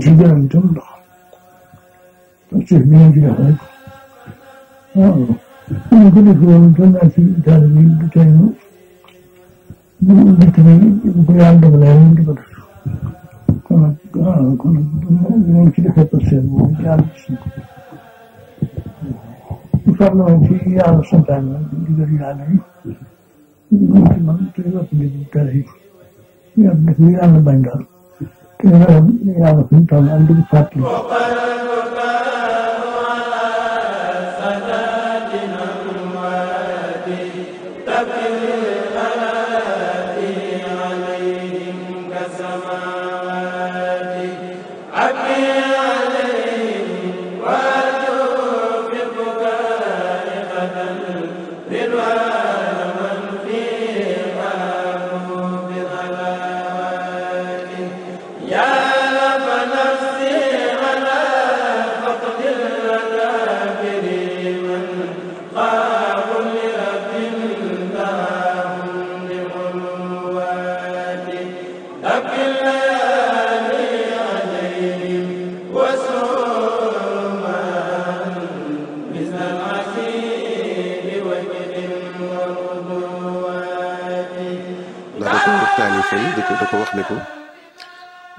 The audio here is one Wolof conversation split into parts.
주변은 좀 나. 주변은 그냥. 어. 근데 그게 그거는 좀 다시 다른 입장이고. 느낌이 그냥 안 되는 게 그렇죠. 그건 그건 그건 기대했었어요. 뭐 잘했어. 우선은 기한 선단은 이거를 하는 이거만 들어가 보니까 이게 그냥 안 된다. te yàlla suñu toll am duñu fàttali ko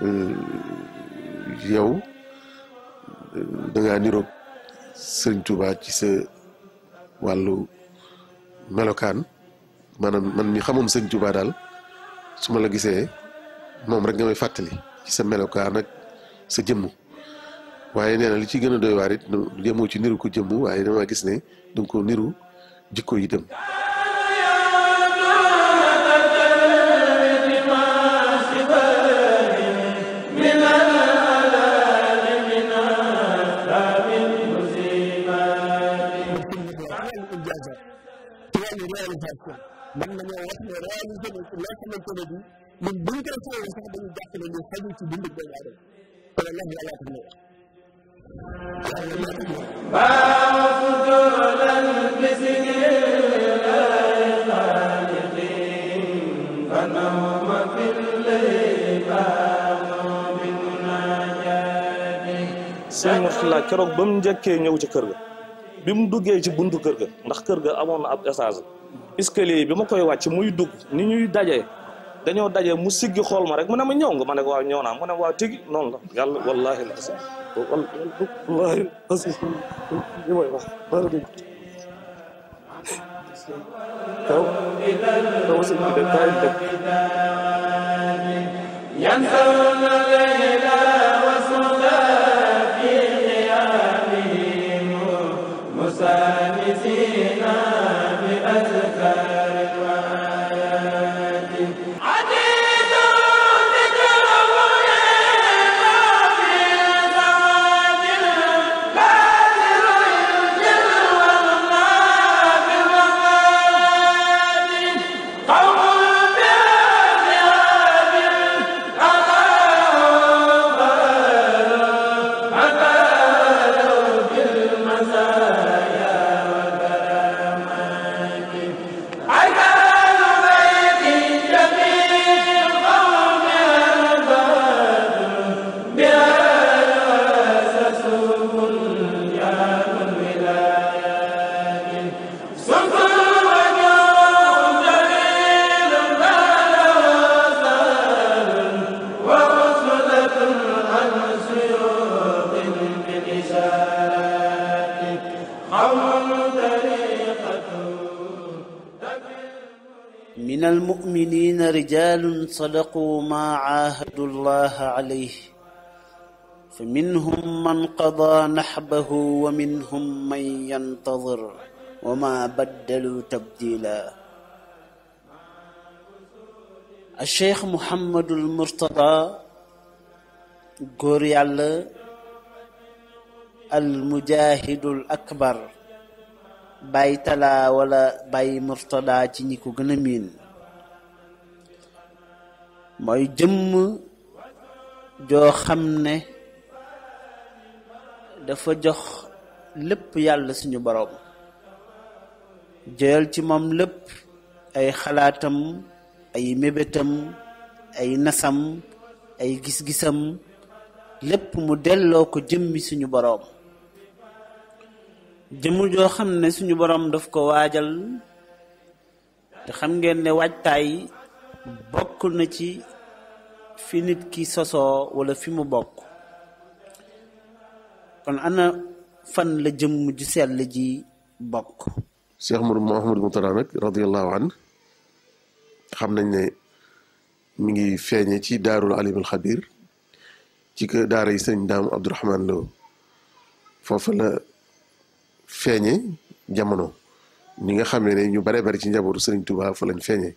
euh, yow euh, da ngaa niroog sëriñ Tuubaa ci sa wàllu melokaan maanaam man mi xamoon sëriñ Tuubaa daal su ma la gisee moom rek nga may fàttali ci sa melokaan ak sa jëmm waaye nee na li ci gën a doy waar it yemoo ci niru ko waaye dama gis ne danga ko niru jikko yi mën nañoo wax ne réalisé na ci loo xamante ne bii ñun bu ñu koy soxla sax dañuy jàpp ne ñu xajul ci dundu doomu aadama kon nag yàlla tax na sëñ Moustapha keroog ba mu njëkkee ñëw ci kër ga bi mu duggee ci buntu kër ga ndax kër ga amoon na ab étage escalier bi ma koy wàcc muy dugg ni ñuy daje dañoo daje mu siggi xool ma rek mu ne ma ñëw nga ma ne waaw ñëw naa mu ne waaw tigi noonu la yàlla wallaahi la asi wallaahi asi li may wax العالمين رجال صدقوا ما عاهدوا الله عليه فمنهم من قضى نحبه ومنهم من ينتظر وما بدلوا تبديلا الشيخ محمد المرتضى góor yàlla almujahidul akbar bàyyi talaa wala bàyyi murtada ci ñi ko gën a miin mooy jëmm joo xam ne dafa jox lépp yàlla suñu boroom jël ci moom lépp ay xalaatam ay mébétam ay nasam ay gis-gisam lépp mu delloo ko jëmmi suñu boroom jëmm joo xam ne suñu boroom daf ko waajal te xam ngeen waajtaay bokk na ci fi nit ki sosoo wala fi mu bokk kon ana fan la jëmm ju sell ji bokk Cheikh Mouhamadou Mouhamadou Moutala nag radiallahu an xam nañ ne mi ngi feeñe ci daarul alim al xabir ci kë daara yi sëñ daam Abdourahman Lo foofu la feeñe jamono ni nga xam ne ñu bare bari ci njabootu sëriñ Touba fa lañ feeñe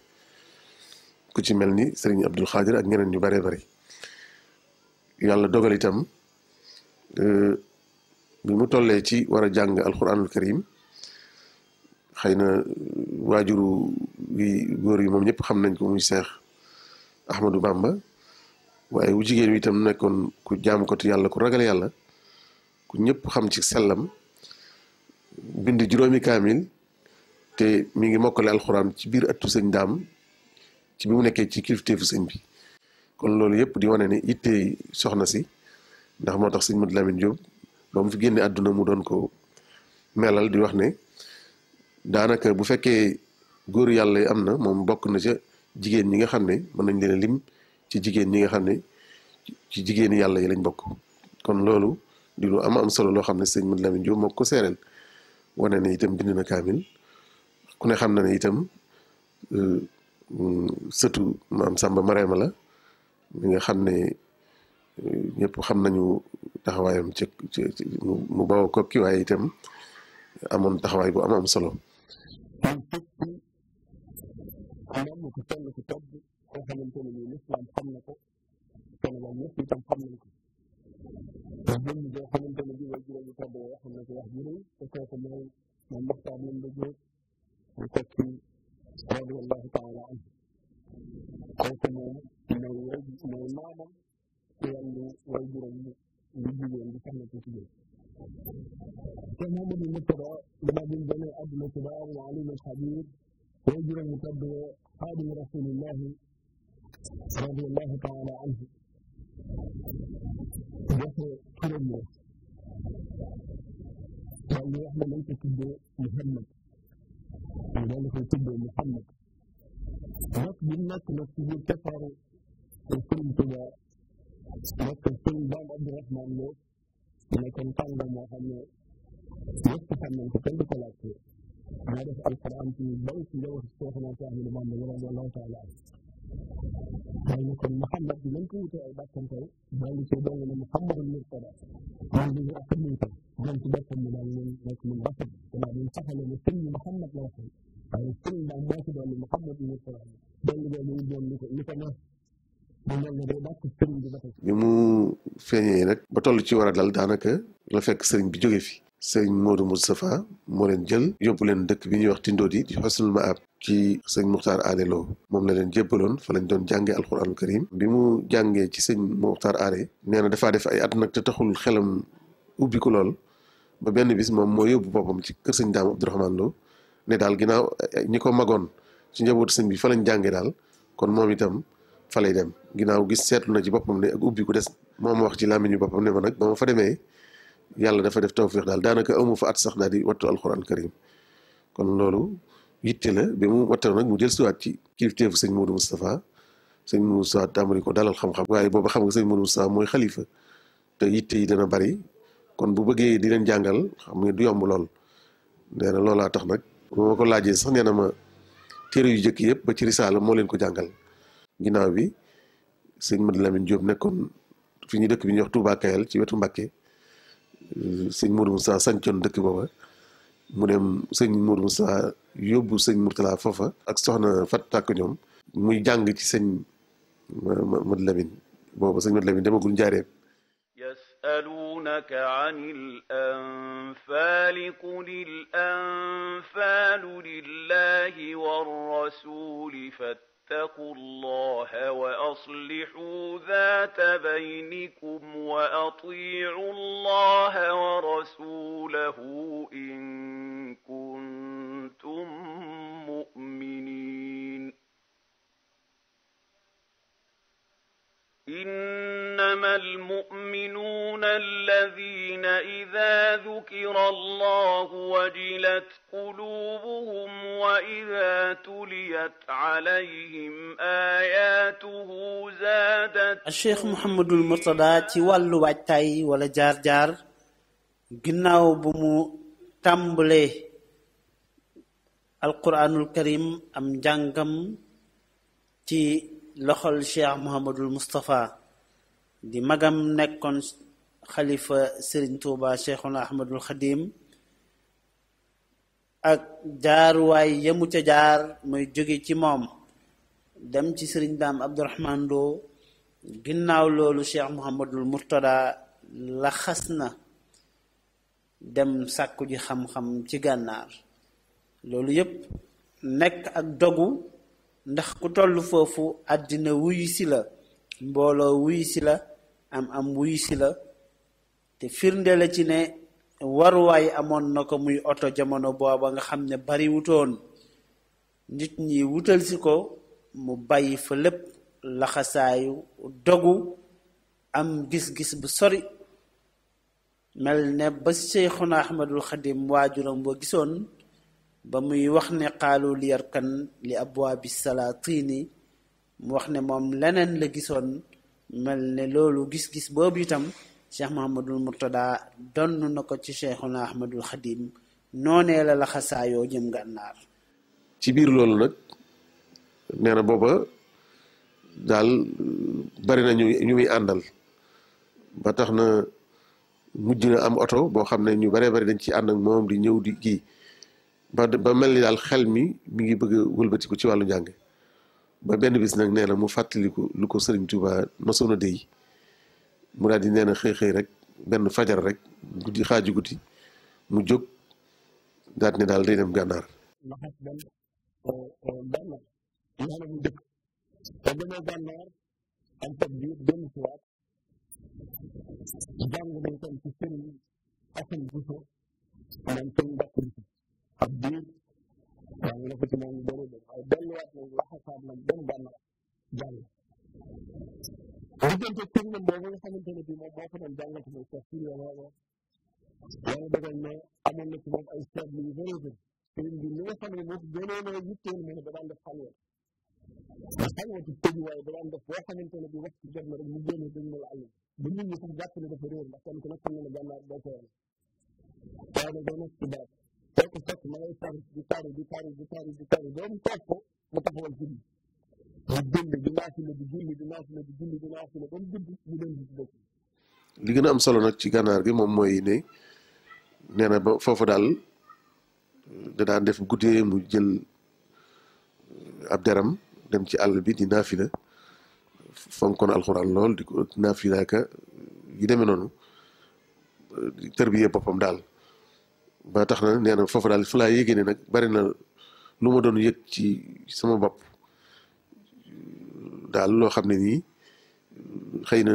ku ci mel ni Serigne Abdul Xaadir ak ñeneen ñu bare bari yàlla dogal itam euh, bi mu tollee ci war a jàng alquranul karim xëy na waajuru yi góor yi moom ñëpp xam nañ ko muy seex Ahmadou Bamba waaye wu jigéen wi itam nekkoon ku jaamu ko yàlla ku ragal yàlla ku ñëpp xam ci sellam bind juróomi kaamil te mi ngi mokkale alxuraan ci biir ëttu sëñ daam ci bi mu nekkee ci kilifteefu sëñ bi kon loolu yëpp di wane ne ittee soxna si ndax moo tax sëñ ma Lamine Diop ba mu fi génne àdduna mu doon ko melal di wax ne daanaka bu fekkee góor yàlla yi am na moom bokk na ca jigéen ñi nga xam ne mën nañ leen lim ci jigéen ñi nga xam ne ci jigéeni yàlla yi lañ bokk kon loolu di lu am am solo loo xam ne sëñ Modou Lamine Diop moo ko seereel wane ne itam bind na kaamil ku ne xam na ne itam euh, sëtu maam Samba ma la mi nga xam ne euh, ñëpp xam nañu taxawaayam ci mu mu bawoo kokki waaye itam amoon taxawaay bu am am solo ci war daal daanaka la fekk sëriñ bi jóge fi sëriñ Modou Moustapha moo leen jël yóbbu leen dëkk bi ñuy wax Tindodi di Husnul Maab ci sëñ Muxtaar Aane Lo moom la leen jébbaloon fa lañ doon jàngee alxuraanul karim bi mu jàngee ci sëñ Muxtaar Aane nee na dafaa def ay at nag te taxul xelam ubbi ko lool ba benn bis moom moo yóbbu boppam ci kër sëñ Daam Abdourahmane Lo ne daal ginnaaw ñi ko magoon ci njabootu sëñ bi fa lañ jàngee daal kon moom itam fa lay dem ginaaw gis seetu na ci boppam ne ak ubbi ku des moo a wax ci ñu boppam ne ma nag ba ma fa demee yàlla dafa def tawfiix daal daanaka amu fa at sax daal di wattu alxuraan karim kon loolu yitte la bi mu wattoo nag mu jël siwaat ci kilifteefu sëñ Modou Moustapha sëñ Modou Moustapha tàmbali ko dalal xam-xam waaye booba xam nga sëñ Modou Moustapha mooy xalifa te yitte yi dana bari kon bu bëggee di leen jàngal xam nga du yomb lool nee na loolaa tax nag bu ko laajee sax nee na ma téere yu jëkk yëpp ba ci risaala moo leen ko jàngal ginnaaw bi sëñ Modou Lamine Diop nekkoon fi ñu dëkk bi ñuy wax Touba Kayal ci wetu Mbacké sëñ Modou Moussa sancoon dëkk booba mu dem sëñ Modou Moussa yóbbu sëñ Mourtala foofa ak soxna Fatou Tàkk ñoom muy jàng ci sëñ Modou Lamine booba sëñ Modou Lamine demagul njaareeb يسألونك عن الأنفال قل الأنفال لله والرسول فاتقوا فاتقوا الله واصلحوا ذات بينكم واطيعوا الله ورسوله ان كنتم مؤمنين انما المؤمنون الذين اذا ذكر الله وجلت قلوبهم واذا تليت عليهم اياته زادت الشيخ محمد المرتضى ci wàllu waajtaay wala jaar-jaar ginnaaw bu mu tàmbalee alquranul karim am njàngam ci loxol cheikh mohamadul moustapha di magam nekkoon xalifa sëriñ tuuba cheikhuna ahmadul xadim ak jaaruwaay yemu ca jaar mooy jóge ci moom dem ci sëriñ daam abdourahman ginnaaw loolu cheikh mohamadul murtada la na dem sàkku ji xam-xam ci gànnaar loolu yépp nekk ak dogu ndax ku toll foofu àddina wuyu si la mbooloo wuyu si la am am wuyu si la te firnde la ci ne waruwaay amoon na ko muy oto jamono booba nga xam ne bari wutoon nit ñi wutal si ko mu bàyyi fa lépp laxasaayu dogu am gis-gis bu sori mel ne ba Seyxuna Ahmadul Xadim waajuram boo gisoon ba muy wax ne xaalu li yarkan li abwaabi salaatini mu wax ne moom leneen la gisoon mel ne loolu gis-gis boobu itam cheikh Mouhamadul Mourtada donn na ko ci cheikhuna Ahmadul Xadim noonee la la xasaayoo jëm gànnaar. ci biir loolu nag nee na booba daal bari na ñu ñu muy àndal ba tax na mujj na am oto boo xam ne ñu bare bari dañ ci ànd moom di ñëw di kii. ba ba mel ni daal xel mi mu ngi bëgg a ci wàllu njàng ba benn bis nag nee na mu fàttaliku lu ko Serigne Touba mosoon a mu daal di nee na xëy xëy rek benn fajar rek guddi xaaju guddi mu jóg daal ne daal day dem gànnaar. ab diir waaye la ko ci moom doole doon waaye delluwaat nañ laxasaat nañ benn bànneex jàng diggante sëriñam boobu nga xamante ne bii moom moo ko doon jàngati mooy Cheikh Sidiya Baba na ci moom ay seetlu yu bëree bëri moom gënoon a yitteel mu ne da daan def xalwat te ne bii waxtu jot na rek mu génne dañ ma la ba nit ñi sax jàpp ne dafa réer ndax kenn ku nekk xam na ne gànnaar day koy waaye nag day nekk ci barab soo ko gën a am solo nag ci gànnaar gi moom mooy ne nee ba foofu daal da daan def guddee mu jël ab deram dem ci àll bi di naafila fonkoon alxuraan lool di ko ka yi demee noonu tërbiye boppam daal ba tax na nee na foofu daal fu laa yégée ne nag bari na lu ma doon yëg ci sama bopp daal loo xam ne nii xëy na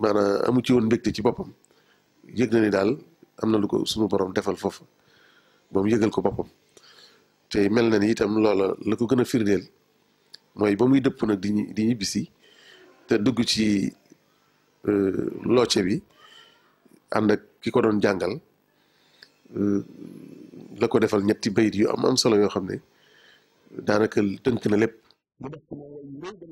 maanaam amu ci woon mbégte ci boppam yëg na ni daal am na lu ko suma borom defal foofu ba mu yëgal ko boppam te mel na ni itam loola la ko gën a firndeel mooy ba muy dëpp nag di di ñibbisi te dugg ci euh, looce bi ànd ak ki ko doon jàngal Euh, la ko defal ñetti bayit yu am am solo yoo xam ne daanaka tënk na lépp mu def ko mooy léegi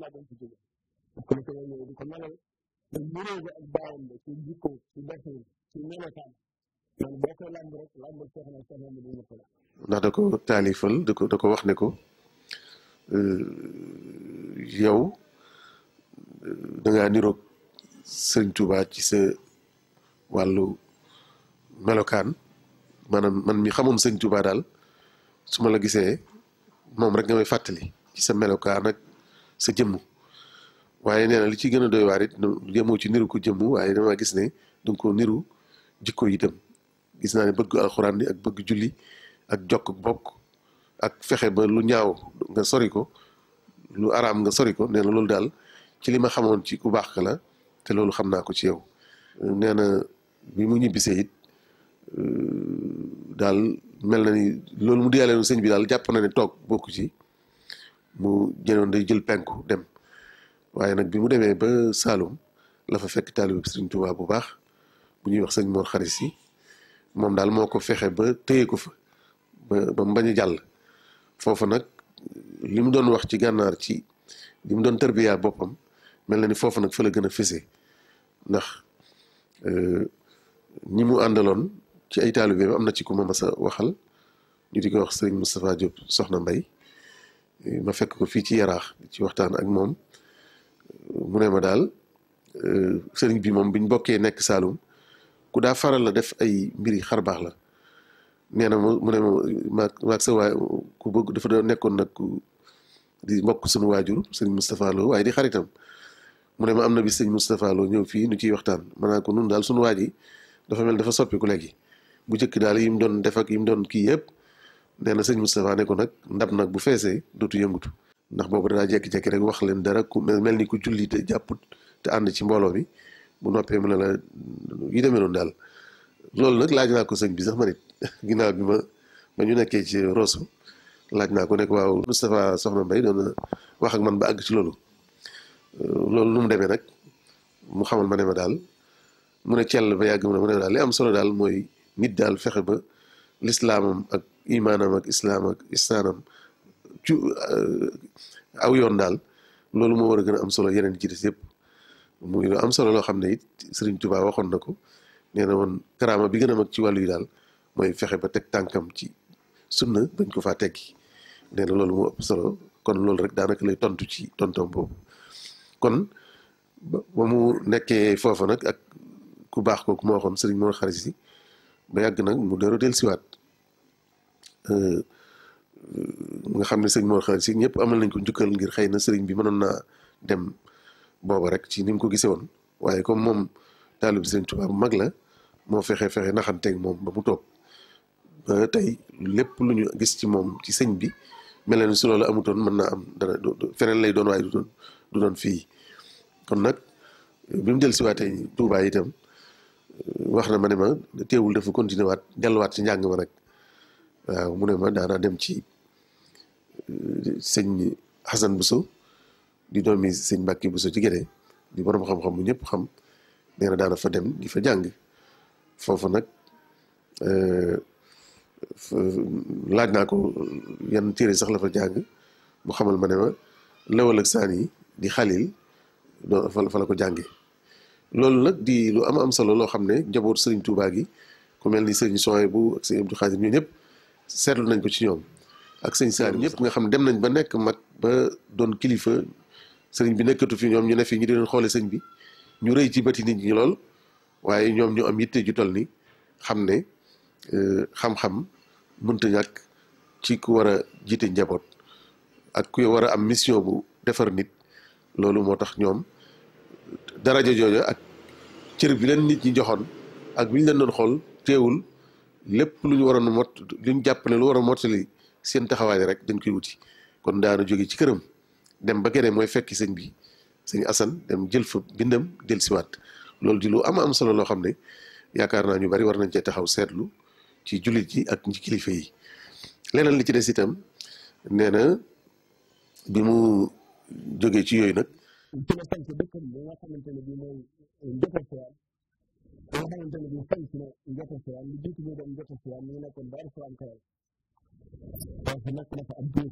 ndax da ko taalifal da ko wax ne ko euh, yow euh, da ngaa niroog sëñ ci sa wàllu melokaan maanaam man mi xamoon sa Tuubaa daal su ma la gisee moom rek nga may fàttali ci sa melokaan ak sa jëmm waaye nee na li ci gën a doy waar it jëmmoo ci niru ko jëmm waaye dama gis ne danga ko niru jikko yi dem gis naa ne bëgg alxuraan bi ak bëgg julli ak jokk bokk ak fexe ba lu ñaaw nga sori ko lu araam nga sori ko nee na loolu daal ci li ma xamoon ci ku baax la te loolu xam naa ko ci yow nee na mu ñibbisee it Euh, daal mel na ni loolu mu diyaale woon sëñ bi daal jàpp na ne toog bokku ci mu jënoon day jël penku dem waaye nag bi mu demee ba Saalum lafa fekk taalibu Sëriñ Tuubaa bu baax bu ñuy wax sëñ Mor Xaris yi moom daal moo ko fexe ba téye ko fa ba mu bañ jàll foofu nag li mu doon wax ci gànnaar ci li mu doon tarbiyaa boppam mel na ni foofu nag fa la gën a fese ndax euh, ñi mu àndaloon ci ay taalibeem am na ci ku ma sa waxal ñu di ko wax sëriñ Moustapha Diop soxna mbay ma fekk ko fii ci yaraax ci waxtaan ak moom mu ma daal euh, sëriñ bi moom biñ bokkee nekk Saalum ku daa faral la def ay mbiri xar baax la nee na mu ne ma maag sa ku bëgg dafa nekkoon nag ku di mbokk suñu waajur sëriñ Moustapha waaye di xaritam mu ne ma am na bi sëriñ Moustapha Lo ñëw fii nu ciy waxtaan ma naa ko nun daal suñu waaj yi dafa mel dafa soppiku léegi bu njëkk daal yi mu doon def ak yi mu doon kii yëpp nee na sëñ Moustapha ne ko nag ndab nag bu feesee dootu yëngatu ndax boobu danaa jekki-jekki rek wax leen dara ku mel ni ku julli te jàpput te ànd ci mbooloo bi bu noppee mu ne la yu daal loolu nag laaj naa ko sëñ bi sax man it bi ma ba ñu nekkee ci Rosso laaj naa ko nekk waaw Moustapha Soxna Mbaye doon wax ak man ba àgg ci loolu loolu nu mu demee nag mu xamal ma ne ma daal mu ne cell ba yàgg mu ne ma ne daal li am solo daal mooy nit daal fexe ba lislaamam ak imaanam ak islaam ak istaanam euh, aw yoon daal loolu moo war a gën a am solo yeneen ci des yëpp muy lu am solo loo xam ne it Sëriñ Tuubaa waxoon na ko nee na woon karaama bi gën a mag ci wàllu yi daal mooy fexe ba teg tànkam ci sunna bañ ko faa teggi nee na loolu moo solo kon loolu rek daanaka lay tontu ci tontom boobu kon ba mu nekkee foofa nag ak ku baax kooku moo waxoon Sëriñ Mor Xarit Si ba yàgg nag mu dara dellusiwaat euh, nga xam ne sëñ moo Xaar si ñëpp amal nañ ko njukkal ngir xëy na sëriñ bi mënoon naa dem booba rek ci ni ko gisee woon waaye comme moom taalib sëriñ Tuubaa bu mag la moo fexe fexe naxanteeg moom ba mu toog ba tey lépp lu ñu gis ci moom ci sëñ bi mel na ni su loolu amutoon mën naa am dara feneen lay doon waaye du doon fii kon nag bi mu dellusiwaatee Tuubaa tam wax na ma ne ma teewul dafa continuer waat delluwaat ci njàng ma rek waaw mu ne ma dem ci euh, sëñ Xasan Buso di doomi sëñ Mbàkke Buso ci Gédé di borom xam-xam bu ñëpp xam nee daana fa dem di fa jàng foofu nag euh, laaj naa ko yan téere sax la fa jàng mu xamal ma ne lawal ak saan yi di xalil doo fa la ko jànge loolu nag di lu am am solo loo xam ne njaboot sëriñ Touba gi ku mel ni sëriñ Souhaïbou ak sëriñ Abdou Khadim ñoo ñëpp seetlu nañ ko ci ñoom ak sëriñ Saar ñëpp nga xam ne dem nañ ba nekk mag ba doon kilifa sëriñ bi nekkatu fi ñoom ñu ne fii ñu di leen xoole sëñ bi ñu rëy ci bëti nit ñi lool waaye ñoom ñu am yitte ju ni xam ne euh, xam-xam mënta ak ci ku war a jiite njaboot ak ku war a am mission bu defar nit loolu moo tax ñoom daraja jooju ak cër bi leen nit ñi joxoon ak bi ñu leen doon xool teewul lépp lu ñu waroon mot lu ñu jàpp ne lu war a mottali seen taxawaay rek dañ koy wuti kon daanu jóge ci këram dem ba gene mooy fekk sëñ bi sëñ Assane dem jël fa bindam jël siwaat loolu di lu am am solo loo xam ne yaakaar naa ñu bari war nañ cee taxaw seetlu ci jullit yi ak ñi kilifa yi leneen li ci des itam nee na bi mu jógee ci yooyu nag ci la sant dëkkam bi nga xamante ne bii mooy Ndiotol Siam nga xamante ne bii sant na Ndiotol Siam lu jiitu ñu dem Ndiotol Siam ñu nekkoon Daaru Salaam Kawel parce que nekk na fa ab diir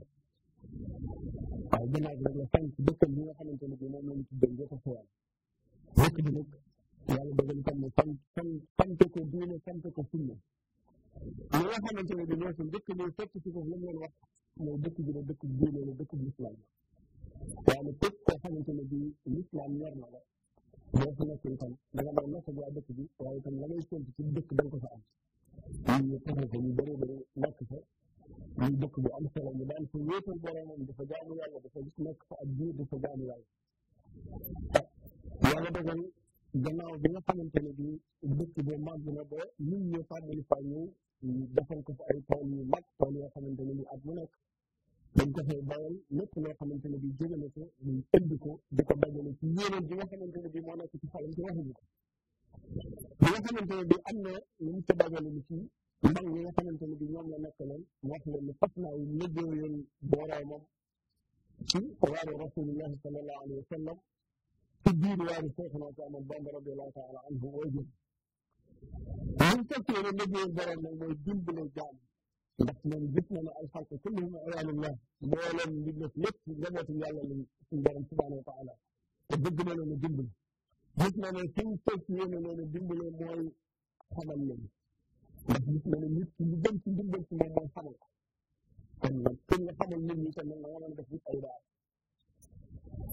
waaye ginnaaw bi nag la sant dëkkam bi nga xamante ne bii moom la ñu tuddee Ndiotol Siam dëkk bi nag yàlla dogal itam ne sant sant ko diine sant ko sunna li nga xamante ne bii mooy suñ dëkk bi fekk si foofu la ñu leen wax mooy dëkk bi la dëkk bi diine la dëkk bi islam waaye képp koo xamante ne bii lislaam na la boo fi nekk itam da nga doon nekk waa dëkk bi waaye itam la ngay séntu ci dëkk da ko fa am. ñun fa ñu bëree bëri nekk fa ñu dëkk bu am solo ñu daan fa wéetal boromam dafa jaamu yàlla dafa gis nekk fa ak biir dafa jaamu yàlla. yàlla bi nga xamante dëkk bi màgg na ba nit ñi fàttali fa ko fa ay tool yu mag tool yoo xamante ne bii at dañ ko fay bàyyal lépp loo xamante ne bii jógale ko muy indi ko di ko dajale ci yéeneen bi nga xamante ne bii moo nekk ci xolam ci waxuñu ko bi nga xamante ne bii am na lu mu ci dajale lu ci mag ñi nga xamante ne bii ñoom la nekk leen wax leen ne fas naa yu lëggéey yoon boroomam ci waaru rasulillahi sallallahu alayhi wa sallam ci biir waaru Seexuna Ahmadu Bamba radiyallahu taala anhu way jëm luñ fas yéene lëggéeyal boroom nag mooy dimbale jaam ndax moom gis na ne alxalqa kulluhum ayaalillah mbooleem li nekk lépp njabootu yàlla lañ suñu borom subhaanahu wa taala te bëgg na leen a dimbali gis na ne suñ fës yéene leen a dimbale mooy xamal leen ndax gis na ne nit ki lu gën ci dimbal ci moom mooy xamal ko kon nag kenn nga xamal nit ñi te nag nga waroon def nit ay daal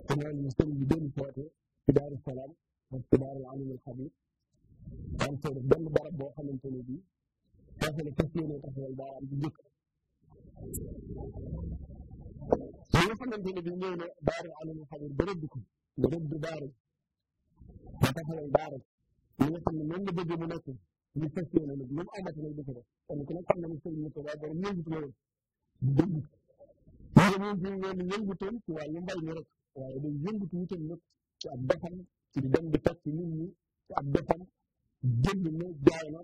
te loolu ñu sëriñ bi dellu foote ci daaru salaam ak ci daaru alim al xabir daan koy def benn barab boo xamante ne bii dafa ne fas yéene taxawal daaraam bu njëkk li nga xamante ne bi ñëw ne daara alamul xabir ba rëdd ko ba rëdd daara ba taxawal daara li nga xam ne moom la bëgg mu nekk ñu fas yéene nag lu mu amati nag dëkk ba kon ku nekk xam na ne sëñ mu tubaab borom yëngutu la woon dëgg ñu ne ñun ñu ne yëngutoon ci wàllu mbay mi rek waaye day yëngutu itam nag ci ab defam ci di dem di toog ci nit ñi ci ab defam jënd na jaay na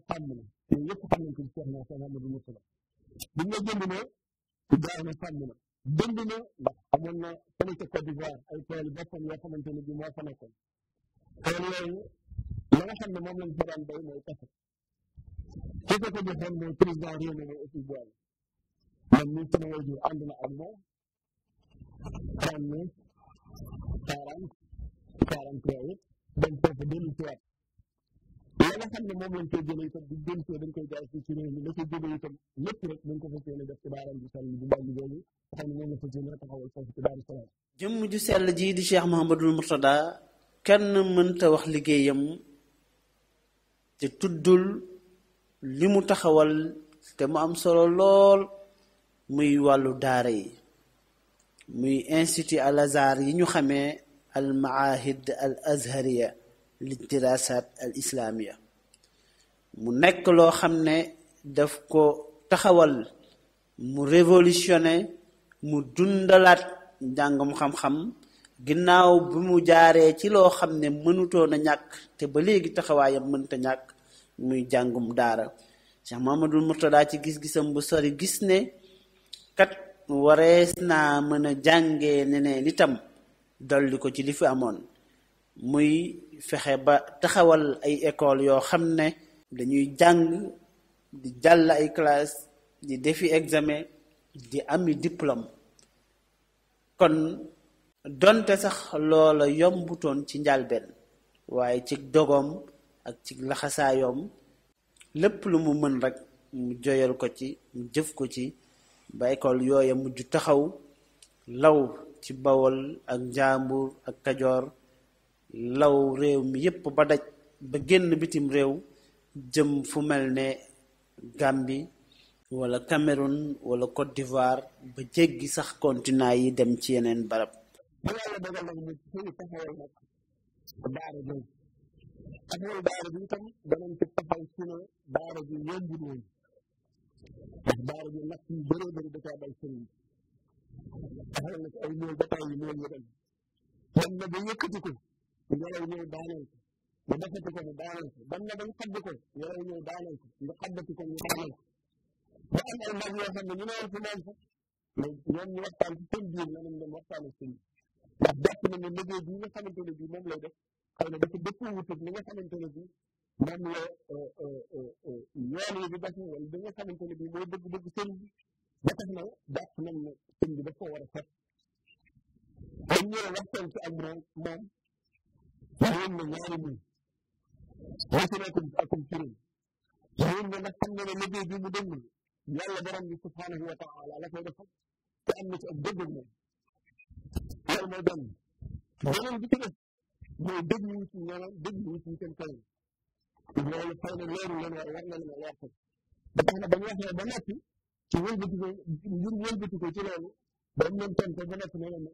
yëpp xam na Cheikh Amadou Moussa bi ñu jënd na jaay na sàmm na jënd na ndax amoon na fële ca Côte d'Ivoire ay tool boppam yoo xamante ne bii moo fa nekkoon tool yooyu la xam ne moom lañ fa daan béy mooy kafe ki ko ko joxoon mooy président réew mooy aussi boole man mii sama wajur ànd na ak moom trente neuf quarante quarante trois dem la nga xam ne moom lañ koy lépp rek dañ ko fas yéene def ci daaram bi sell bu bàyyi jooju nga xam ne moom la fas yéene taxawal foofu ci daaru salaam jëmm ju sell ji di Cheikh Mouhamadul Mourtada kenn mënta wax liggéeyam te tuddul li mu taxawal te mu am solo lool muy wàllu daara yi muy institut al yi ñu xamee al maahid al azhariya li dirasat al mu nekk loo xam ne daf ko taxawal mu révolutionne mu dundalaat njàngum xam-xam ginnaaw bi mu jaaree ci loo xam ne mënutoon a ñàkk te ba léegi taxawaayam mënta ñàkk muy jàngum daara Cheikh Mamadul Murtada ci gis-gisam bu sori gis ne kat warees naa mën a jàngee neneen itam dolli ko ci li fi amoon muy fexe ba taxawal ay école yoo xam ne dañuy jàng di jàll ay classe di defi examen di ami diplôme kon donte sax loola yombutoon ci njàlbeen waaye ci dogoom ak ci laxasaayoom lépp lu mu mën rekk mu joyal ko ci mu jëf ko ci ba école yooya mujj taxaw law ci bawol ak njaambur ak kajoor law réew mi yépp ba daj ba génn bitim réew jëm fu mel ne Gambie wala Cameroun wala Côte d'Ivoire ba jéggi sax continent yi dem ci yeneen barab. daara jooju taxawal daara bi nag yu bëree yi néew yi dem na ba yëkkati ko ngelaw ñëw daaneel nga defati ko ñu daaneel ko ban nga bañ xaddi ko yow ñëw daaneel ko nga xaddati ko ñu daaneel ko ba am ay mag yoo xam ne ñu ne woon fi moom sax mais ñoom ñu waxtaan ci seen biir leneen ñoom waxtaan ak seen ndax jàpp nañu liggéey bi nga xamante ne bii moom lay def xëy na dafa dëpp wuuteeg li nga xamante ne bii moom la euh, euh, euh, yoon yi di def wala bi nga xamante ne bii mooy bëgg-bëgg sëñ bi ba tax na jàpp nañ ne sëñ bi daf ko war a set kon ñëw waxtaan ci ak moom moom ñëwoon na ñaari muy rasuulakum akum kuréel yéen ne nag xam nga ne liggéey bi mu dëgmal yàlla borom bi subhaanahu wa taala la koy defal te am na ci ak dëgg moom loolu mooy benn beneen bi ci def mooy dëgg wu ci ñoom dëgg wu ci seen kaw loolu xëy na leeru leen war war na leen a leer ko ba tax na ba ñu waxee ba noppi ci wëlbati ko ngir wëlbati ko ci loolu ba mu leen tontu ba noppi ne leen ne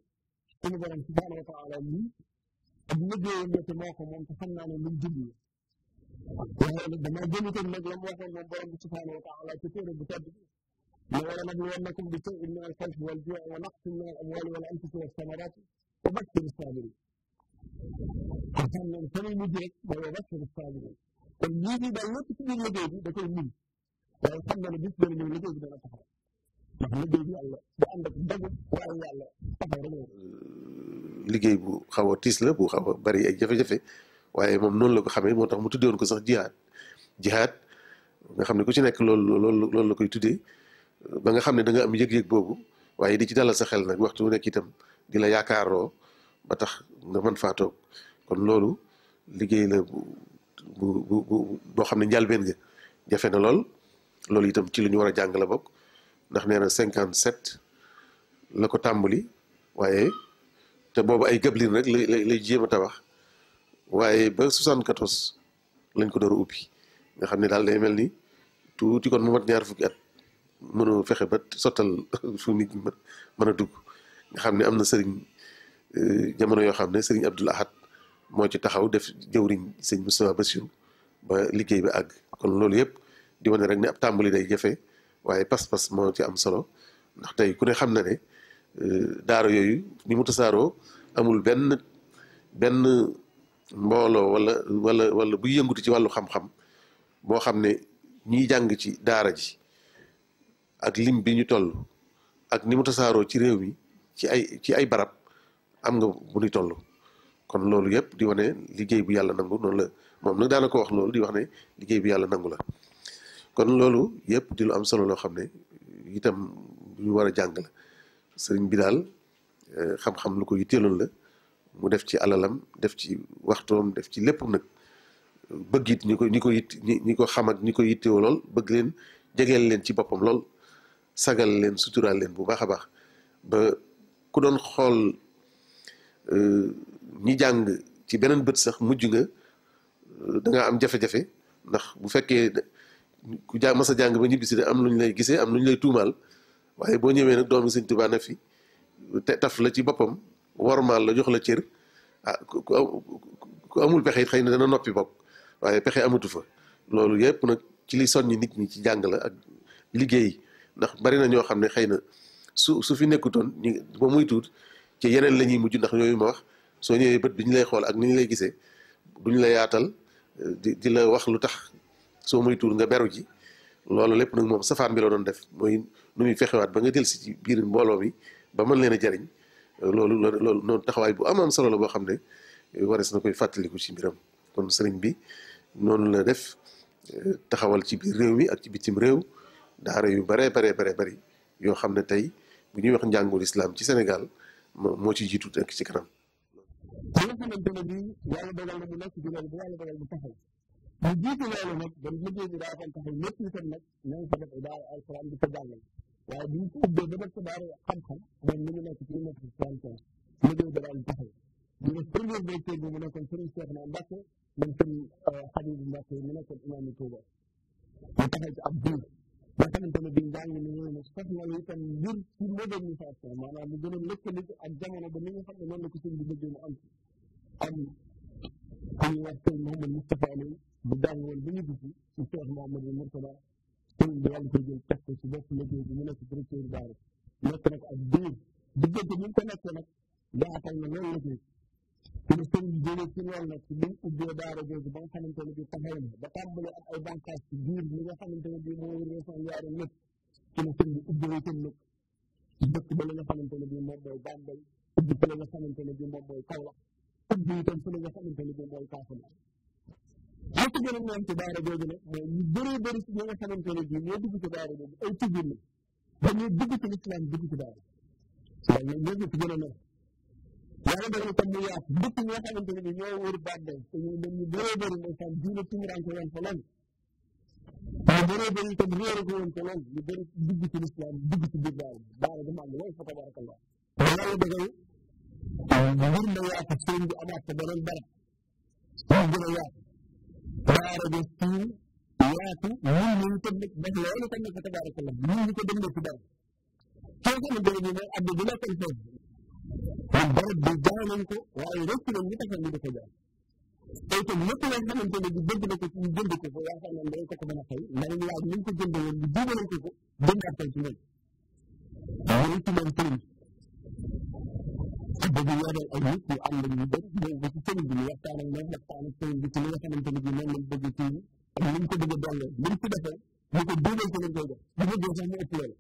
suñu borom subhaanahu wa taala lii ak liggéeyam la te moo ko moom te xam naa ne lu mu jublu waaye nag damaa jëmutoon nag la mu waxoon moom borom bi subhaanahu wa taala ci téere bu tedd bi ma wara nag nuwannakum bi shay'in min al-khawfi wal-juu'i wa naqsin min al-amwaali wal-anfusi wa bashiri wa bashiri s-saabiriin kon lii di daal liggéey bi da koy muñ waaye xam na ne bis dana ñëw liggéey bi dana taxaw bu xaw a tiis bari ay jafe-jafe waaye moom noonu la ko xamee moo tax mu tuddewoon ko sax jihaad jihaad nga xam ne ku ci nekk loolu loolu loolu la koy tuddee ba nga xam ne danga am yëg-yëg boobu waaye di ci dalal sa xel nag waxtu nekk itam di la yaakaaroo ba tax nga mën faa toog kon loolu liggéey la bu boo xam ne njàlbeen nga jafe na lool loolu itam ci lu ñu war a jàng la bokk ndax nee na cinquante sept la ko tàmbali waaye te boobu ay gablin rek lay lay jéem a waaye ba 74 lañ ko door a ubbi nga xam ne daal lay mel ni ti kon mu mat ñaar fukki at mënoo fexe ba sottal fu nit ñi dugg nga xam ne am na sëriñ euh, jamono yoo xam ne sëriñ Abdul Ahad moo ci taxaw def jëwriñ sëñ Moustapha Bassirou ba liggéey bi àgg kon loolu yëpp di rek ne ab tàmbali day jafe waaye pas-pas moo ci am solo ndax tey ku ne xam na ne euh, daaro yooyu ni mu tasaaroo amul benn benn mbooloo wala wala wala bu yëngatu ci wàllu xam-xam boo xam ne ñiy jàng ci daara ji ak lim bi ñu toll ak ni mu tasaaroo ci réew mi ci ay ci ay barab am nga bu ñu toll kon loolu yëpp di wane liggéey bu yàlla nangu noonu la moom nag daana ko wax loolu wax ne liggéey bu yàlla nangu la kon loolu yëpp di lu am solo loo xam ne itam ñu war a jàng la sëriñ bi daal eh, xam-xam lu ko yitteeloon la mu def ci alalam def ci waxtu waxtoom def ci lépp nag bëgg yit ñi ko ñi ko it ñi ko xam ñi ko yittewoo lool bëgg leen jegeel leen ci boppam lool sagal leen suturaal leen bu baax a baax ba ku doon xool euh, ñi jàng ci beneen bët sax mujj nga euh, da am jafe-jafe ndax bu fekkee ku jàng mas jàng ba ñibbisi am lu ñu lay gisee am lu ñu lay tuumaal waaye boo ñëwee nag doomi Sëñ Tuubaa fi te taf la ci boppam warmaal la jox la cër ah ku amul pexe it xëy na dana noppi bokk waaye pexe amatu fa loolu yëpp nag ci li yi nit ñi ci jàng la ak liggéey ndax bari na ñoo xam ne xëy na su su fi nekkutoon ñu ba muy tuut ci yeneen la ñuy mujj ndax yooyu ma wax soo ñëwee bët bi ñu lay xool ak ni ñu lay gisee duñ la yaatal di di la wax lu tax soo muy tuut nga beru ji loolu lépp nag moom safaan bi la doon def mooy nu muy fexewaat ba nga delsi ci biir mbooloo mi ba mën leen jariñ loolu loolu loolu taxawaay bu am solo la boo xam ne warees na koy fàttaliku ci mbiram kon sëriñ bi noonu la def euh, taxawal ci biir réew mi ak ci bitim réew daara yu bare bare bare bari yoo xam ne tey bu ñuy wax njàngul islam ci Sénégal moo ci jiitu nekk ci kanam. li nga xamante ne bii ci jiitu loolu nag ba liggéey bi daa nag waaye bu ñu ko ubbee ba def ko daara xam-xam moom li mu nekk ci li nekk ci soixante-quinze liggéey ba daal taxaw ñu def premier directeur bi mu nekkoon Serigne Cheikh na Mbacke dañ seen euh, Habib Mbacke mu nekkoon imam yi Touba mu taxaw ci ab diir ba xamante ne bi njàng mi ñëw na soxla yi itam ngir ci modernisation maanaam mu gën a lëkkali ak jamono ba ni nga xam ne noonu la ko sëñ bi bëggee mu am am ku ñu wax sëñ Mouhamadou Moustapha Aliou bu daan woon ba ñu dugg ci Cheikh Mouhamadou Mourtada sëriñ bi yàlla koy jël teg ko si bopp liggéey bi mu nekk directeur daara nekk nag ak diir diggante bi mu ko nekkee nag daa tax na loolu liggéey suñu sëriñ bi jógee ci loolu nag si bi mu jooju ba nga xamante ne bi taxawal ba tàmbalee am ay bànqaas si biir li nga xamante ne bi moo réew yaari lépp suñu sëriñ bi bi moom mooy Bambey ubbi fa la nga xamante ne bi mooy Kaolack li ci gën a naan ci daara jooju nag mooy ñu bëree bëri ci ñi nga xamante ne bii ñoo dugg ci daara jooju ay tëjur la dañuy dugg ci lislaam dugg ci daara waaye nag ñoo ci gën a naan yàlla def na tam mu yaat dëkk ñi nga xamante ne bii ñoo wër bàddee te ñu mën ñu bëree bëri mooy sàmm diine tumuranke woon fa lool ñu bëree bëri itam réere ko woon fa lool ñu bëri dugg ci lislaam dugg ci biir daara daara dama am lool fa tabarakallah yàlla dogal ngir ma yaatu sëriñ bi amaat ko beneen barab ñu gën a yaatu waare bi siiw yaatu mun nañ ko def loolu tamit fa tabaarakallah mun ñu ko dem ci dara coono boobu mooy addu bi la kon seen ak barab bi jaay nañ ko waaye rëcc nañ li taxoon ñu di te itam lépp loo xamante ne bi na ko ci ñu jënd ko ko yaakaar naa dañ ko ko a fay ndax laaj ñu ko jënd woon ñu dugal ko ko jëndaat ko ci moom waaye ci moom bëgg yore ay nit ñu ànd ñu bëri ñëw ba ci sëriñ bi ñu waxtaan ak moom waxtaan ak sëriñ bi ci li nga xamante ni bi moom lañ bëgg ci ak ni ñu ko bëgg a dollee li ñu ci defee ñu ko dugal ko lañ koy def bu bëggee sax mu ëpp loolu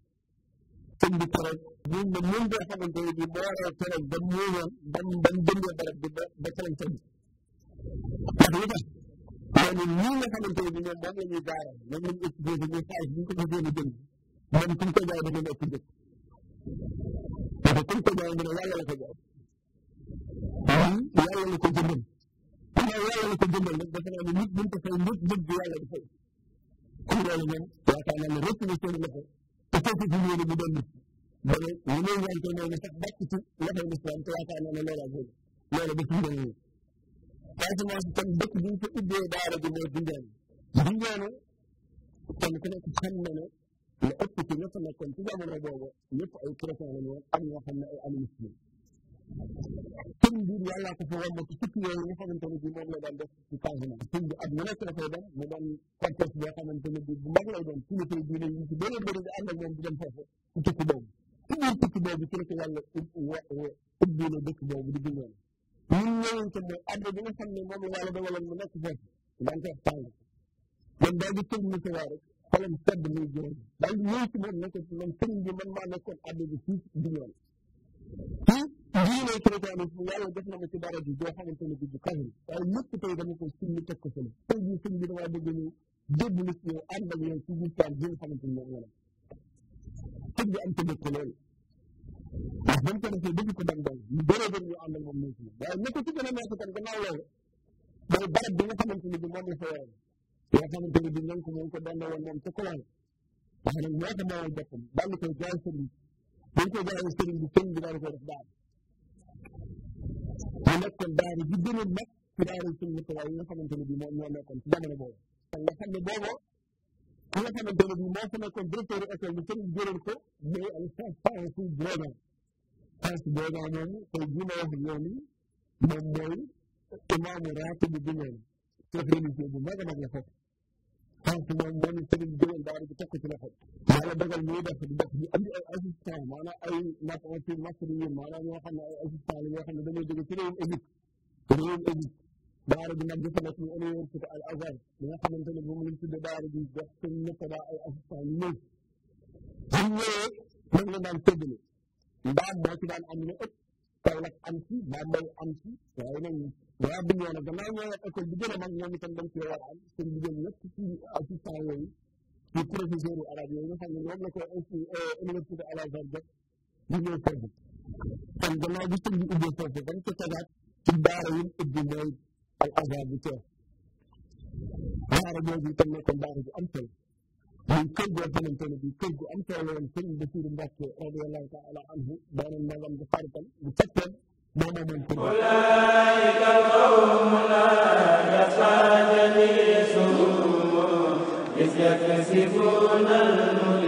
sëñ bi keroog ñun na mun boo xamante ni bi moo waral keroog ba ñëwoon ba ba dëndee barab bi ba ba keroog sëñ bi ndax li tax loolu ñii nga xamante ni bi ñoom moom la ñuy gaaral moom la ñu exposé ñu xaalis bu ñu ko bëggee a jënd moom suñ ko jaay dafa nekk njëkk parce que suñ ko jaay mu ne yàlla la ko jaay man hmm? yàlla la ko jëndal pour nga yàlla la ko jëndal rek dafa naa ne nit buñ ko fay nit bëgg yàlla dafa kon loolu ñoom yaakaar naa ne rëpp na seen loxo te foofu fi ñëwee mu doon nit ba ne li muy ñaan tey mooy ne sax bàcc ci loxoy lislaam te yaakaar naa ne loolu ak loolu ba ci mel nii Casamance kon dëkk bi ñu ko ubbee daara ji mooy Dindiane Dindiane kon ku nekk xam na ne la ëpp ci ña fa nekkoon ci jamono boobu ñëpp ay chrétien la ñu am ñoo xam ne ay animistes sëñ bi yàllaa ko fa wàllu ci tukki yooyu nga xamante ne bii moom la daan def ci Casamance sëñ bi mu nekk dafay dem mu doon cortège boo xamante ne bii bu mag lay doon kilifa yi diine yi ci bëri bëri di ànd ak moom di dem foofu ci tukki boobu ci biir tukki boobu ci la ko yàlla ubbi na dëkk boobu di gunóor ñun ñëwante mooy ànd bi moom la yàlla dogaloon mu nekk foofu daan ko man daal di tëj musuwaa man sëñ bi man maa nekkoon àdd bi fii di ñoon lii mooy programme bi yàlla def na ma ci dara bi boo xamante ne bi bu kawe ko suñ ñu teg ko fële tey jii bi damaa bëgg ñu dégg lu ci yow ànd ak yow ci gistaan bi nga xamante ni moom la sëñ bi am ci bëgg loolu ndax mu ko defee bëgg ko dam dal lu bëree bëri ñu ànd ak moom ñu ci waaye na ko ci gën a nekk kon gannaaw loolu mooy barab bi nga xamante ko moom ko dande woon moom ca Kolaar jaay sëriñ bi dañ jaay sëriñ bi sëriñ bi daal di koy def nekkoon daara ji gënoon mag ci daaray suñu mutuwaay yi nga xamante ne bii moom moo nekkoon ci jamono boobu nga xam ne boobu ki nga xamante ne bii moo fa nekkoon directeur école bi kenn jëloon ko mooy al Fancy Bodian Fancy Bodian moom tey jii ma wax yoon yi moom mooy imaamu raatib bi bu mag a mag la foofu tànk moom moom sëriñ jëwal daara bi tekk muy def di def ñu andi ay assistant maanaam ay mat ci masri yi maanaam ñoo xam ne ay assistant la ñoo xam ne dañoo jóge ci réewum Égypte réewum Égypte daara bi nag dafa nekk ñu université al Azhar li nga xamante ne moom lañ tuddee daara bi def seen ñëpp daa ay assistant yu ñëw bu ñëwee nag la daan tëddali ndaam moo ci daan am waaw bu ñëwee nag gannaaw ñoo yor école bi gën a mag ñoom itam dañ cee war a am seen liggéey ñëpp ci assistant yooyu ci professeur yu arabe yooyu nga xam ne moom la ko euh, université Al Azhar jot ñu ñëw foofu kon gannaaw bi sëñ bi ubbee foofu dañ ko tegaat ci daara yi ubbi mooy Al Azhar bu Thiès daara boobu itam nekkoon daara bu am solo muy kër goo xamante ne bii kër gu am solo la woon sëñ Bassirou Mbacke radiyallahu taala anhu daanoon magam bu xaritam bu fekkoon مولانا القرآن أولئك القوم لا يسعى جليسهم إذ يكسبون المدى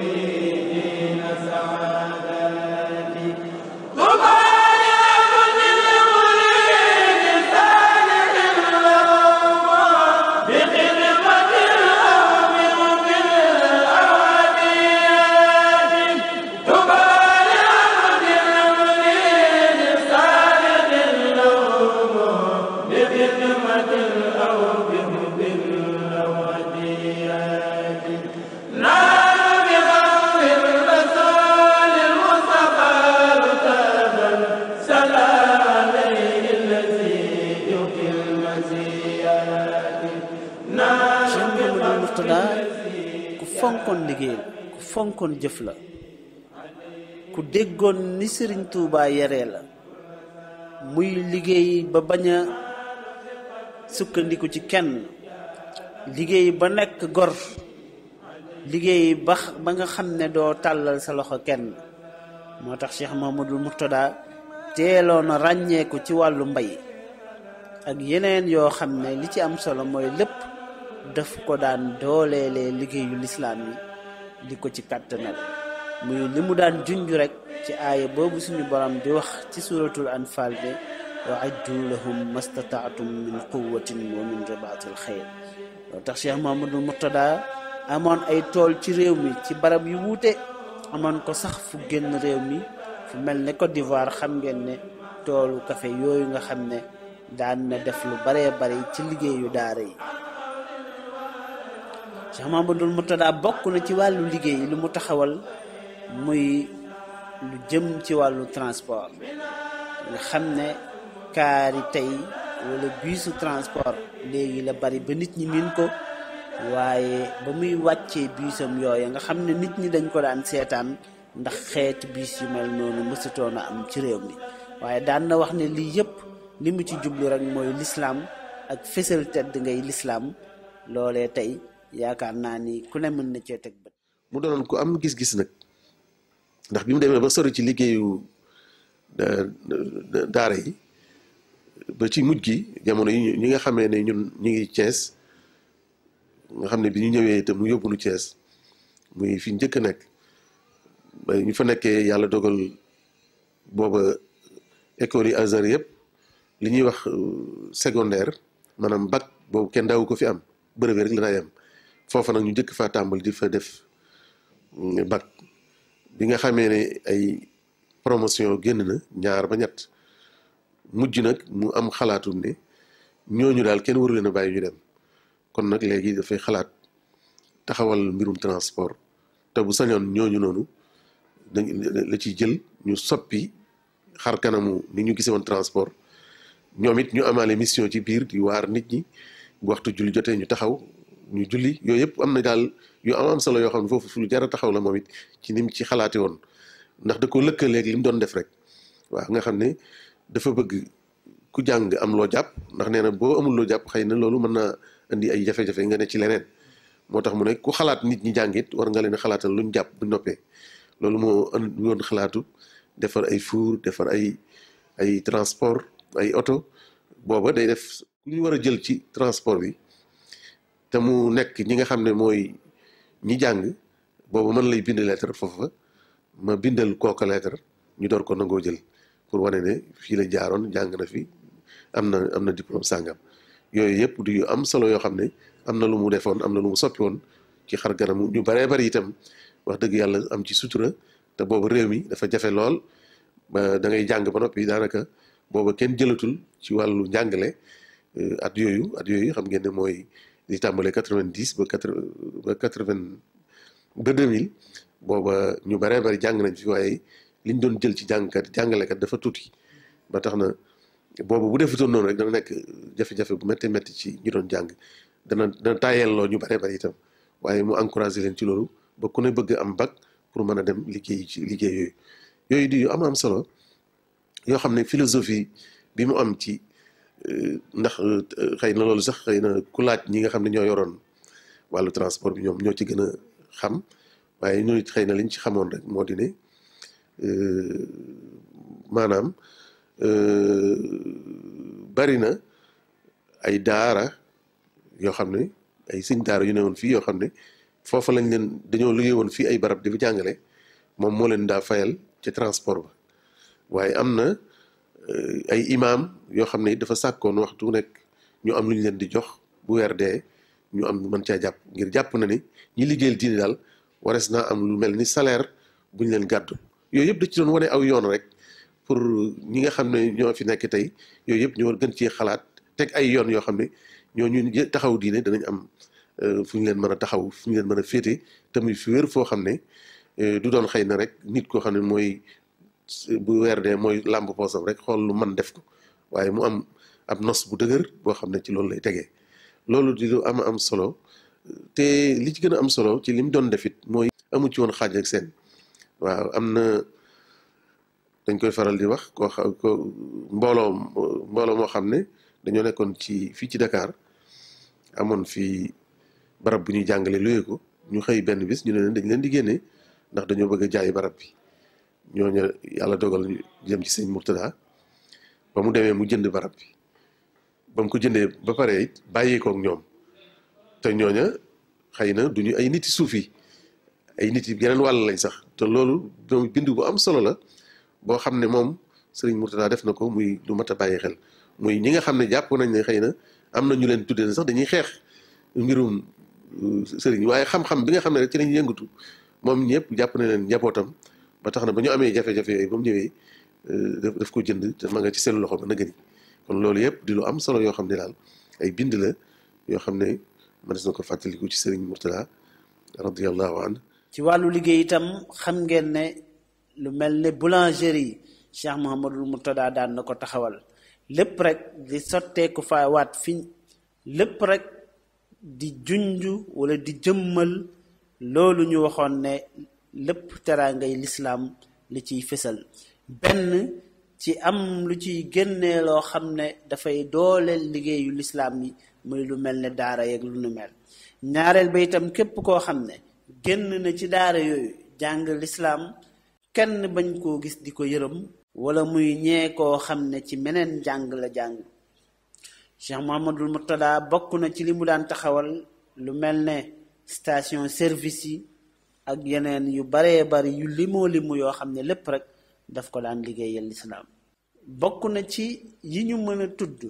fonkoon jëf la ku déggoon ni sëriñ Tuubaa yaree la muy liggéey ba bañ a sukkandiku ci kenn liggéey ba nekk gor liggéey ba ba nga xam ne doo tàllal sa loxo kenn moo tax Cheikh Mamadou Murtada teeloon a ràññeeku ci wàllu mbay ak yeneen yoo xam ne li ci am solo mooy lépp daf ko daan dooleele liggéeyu lislaam yi di ko ci kàttanal muy li mu daan junj rekk ci aaya boobu suñu borom di wax ci suratul anfal de wa ajju lahum mastataatum min quwatin wa min ribatil xayr loolu tax cheikh mahamadul murtada amoon ay tool ci réew mi ci barab yu wuute amoon ko sax fu génn réew mi fu mel ni Côte d'Ivoire xam ngeen ne toolu kafe yooyu nga xam ne daan na def lu baree bari ci liggéeyu daara yi Cheikh Mamadul Murtada bokk na ci wàllu liggéey lu mu taxawal muy lu jëm ci wàllu transport nga xam ne kaari tey wala biisu transport léegi la bari ba nit ñi miin ko waaye ba muy wàccee biisam yooya nga xam ne nit ñi dañ ko daan seetaan ndax xeeti biis yu mel noonu mësatoon a am ci réew mi waaye daan na wax ne lii yëpp li mu ci jublu rek mooy lislaam ak fësal tedd ngay lislaam loolee tey yaakaar naa ni ku ne mën na cee teg bët. mu doonoon ku am gis-gis nag ndax bi mu demee ba sori ci liggéeyu daara yi ba ci mujj gi jamono yi ñi nga xamee ne ñun ñu ngi cees nga xam ne bi ñu ñëwee te mu yóbbu nu Thiès muy fi njëkk a nekk ba ñu fa nekkee yàlla dogal booba école yi azar yëpp li ñuy wax euh, secondaire maanaam bag boobu kenn daawu ko fi am brevet rek la daay am foofa nag ñu jëkk fa tàmbali di fa def mm, bac bi nga xamee ne ay promotion génn na ñaar ba ñett mujj nag mu am xalaatum ne ñooñu daal kenn waru leen a bàyyi ñu dem kon nag léegi dafay xalaat taxawal mbirum transport te bu sañoon ñooñu noonu dañ la ci jël ñu soppi xar kanamu ni ñu gisewoon transport ñoom it ñu amaal mission ci biir di waar nit ñi bu waxtu julli jotee ñu taxaw ñu julli yooyu yëpp am na daal yu am am solo yoo xam ne foofu lu jar a taxaw la moom it ci ni mu ci xalaati woon ndax da ko lëkkaleeg li mu doon def rek waaw nga xam ne dafa bëgg ku jàng am loo jàpp ndax nee na boo amuloo jàpp xëy na loolu mën na indi ay jafe-jafe nga ne ci leneen moo tax mu ne ku xalaat nit ñi jàngit war nga leen xalaatal luñ jàpp bu noppee loolu moo andi xalaatu defar ay four defar ay ay transport ay oto booba day def ku ñu war a jël ci transport bi te mu nekk ñi nga xam ne mooy ñi jàng boobu mën lay bind lettre foofu ma bindal kooka lettre ñu door ko nangoo jël pour wane ne fii la jaaroon jàng na fi am na am na diplôme sàngam yooyu yëpp du yu am solo yoo xam ne am na lu mu defoon am na lu mu soppi woon ci xar garamu ñu baree bari itam wax dëgg yàlla am ci sutura te boobu réew mi dafa jafe lool ba da jàng ba noppi daanaka booba kenn jëlatul ci wàllu njàngale euh, at yooyu at yooyu xam ngeen mooy di tàmbale quatre-vingt-dix ba quatre ba quatre-vingt ba deux mille booba ñu baree bari jàng nañ fi waaye liñ doon jël ci jàngkat jàngalekat dafa tuuti ba tax na boobu bu defutoon noonu rek dana nekk jafe-jafe bu métti métti ci ñu doon jàng dana dana lool ñu baree bari itam waaye mu encouragé leen ci loolu ba ku ne bëgg am bag pour mën a dem liggéey ci liggéey yooyu yooyu di yu am am solo yoo xam ne philosophie bi mu am ci Euh, ndax euh, xëy na loolu sax xëy na ku laaj ñi nga xam ne ñoo yoroon wàllu transport bi ñoom ñoo ci gën a xam waaye ñoo it xëy na liñ ci xamoon rek moo di ne euh, maanaam bari na ay daara yoo xam ne ay sëñ daara yu ne woon fii yoo xam ne foofu lañ leen dañoo liggéey woon fii ay barab di fi jàngale moom moo leen daa fayal ci transport ba waaye am na ay imaam yoo xam ne dafa sàkkoon waxtu nekk ñu am luñ leen di jox bu weer dee ñu am mën caa jàpp ngir jàpp na ni ñi liggéeyal diine daal warees naa am lu mel ni salaire buñ leen gàddu yooyu yëpp da ci doon wane aw yoon rek pour ñi nga xam ne ñoo fi nekk tey yooyu yëpp ñu war gën cee xalaat teg ay yoon yoo xam ne ñoo ñu taxaw diine danañ am euh, fu ñu leen mën a taxaw fuñ ñu leen mën a féete tamit fi wér foo xam ne euh, du doon xëy na rek nit koo xam ne mooy bu weer de mooy làmb poosam rek xool lu man def ko waaye mu am ab nos bu dëgër boo xam ne ci loolu lay tege loolu di lu am am solo te li ci gën a am solo ci lim doon defit mooy amu ci woon xaaj ak seen waaw am na dañ koy faral di wax koo xam mbooloo moo xam ne dañoo nekkoon ci fii ci Dakar amoon fii barab bu ñuy jàngale luyee ko ñu xëy benn bis ñu ne leen dañ leen di génne ndax dañoo bëgg jaay barab bi ñooñu yàlla dogal jëm ci sëñ Murtada ba mu demee mu jënd barab bi ba mu ko jëndee ba pare it bàyyi koog ñoom te ñooña xëy na duñu ay nit suuf yi ay nit yi geneen wàll lañ sax te loolu ñoom bind bu am solo la boo xam ne moom sëriñ Murtada def na ko muy lu mat a bàyyi xel muy ñi nga xam ne jàpp nañ ne xëy na am na ñu leen tuddee ne sax dañuy xeex mbirum euh, sëriñ waaye xam-xam bi nga xam ne rek ci lañ yëngatu moom ñëpp jàpp na leen njabootam ba tax na ba ñu amee jafe-jafe yooyu ba mu ñëwee euh, daf ko jënd te ma ci seen loxo ba nagani kon loolu yëpp di lu am solo yoo xam ne daal ay bind la yoo xam ne mënees na ko fàttaliku ci Serigne Mourtala radiyallahu an ci wàllu liggéey itam xam ngeen ne lu mel ne boulangerie Cheikh Mouhamadul Mourtada daan na ko taxawal lépp rek di sotteeku fa waat fi lépp rek di junj wala di jëmmal loolu ñu waxoon ne lépp teraangay lislaam li ciy fésal benn ci am lu ciy génnee loo xam ne dafay dooleel liggéeyu lislaam yi muy lu mel ne daara yeeg lu nu mel ñaareel ba itam képp koo xam ne génn na ci daara yooyu jàng lislaam kenn bañ koo gis di ko yërëm wala muy ñee koo xam ne ci meneen jàng la jàng Cheikh Mouhamadul Murtada bokk na ci li mu daan taxawal lu mel ne station service yi ak yeneen yu baree bari yu limoo limu yoo xam ne lépp rek daf ko daan liggéeyal lislaam bokk na ci yi ñu mën a tudd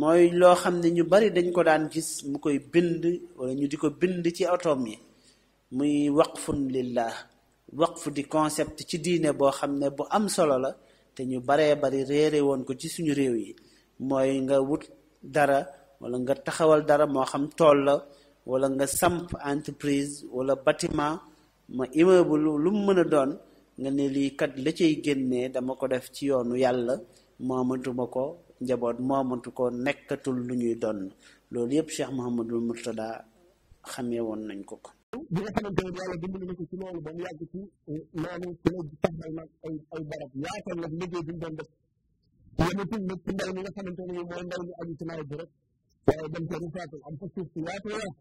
mooy loo xam ne ñu bari dañ ko daan gis mu koy bind wala ñu di ko bind ci otoom yi muy waqfun lillah fu di concept ci diine boo xam ne bu am solo la te ñu baree bari réere woon ko ci suñu réew yi mooy nga wut dara wala nga taxawal dara moo xam tool la nga samp entreprise wala bâtiment ma immeuble lu mu mën a doon nga ne lii kat la cay génnee dama ko def ci yoonu yàlla moomantuma ko njaboot moomantu ko nekkatul lu ñuy doon loolu yëpp Cheikh Mouhamadul Murtada xamee woon nañ ko ko. bi nga xamante ne yàlla dimbali na ko ci loolu ba mu yàgg ci noonu eh, ci la taxaw nag ay ay barab yaatal nag liggéey bi mu doon def yamatul nag ci mbay mi nga xamante ne mooy mbay mi aju ci nawet bi rek waaye dem ko rufaatal am fa suuf si yaatu yaatu.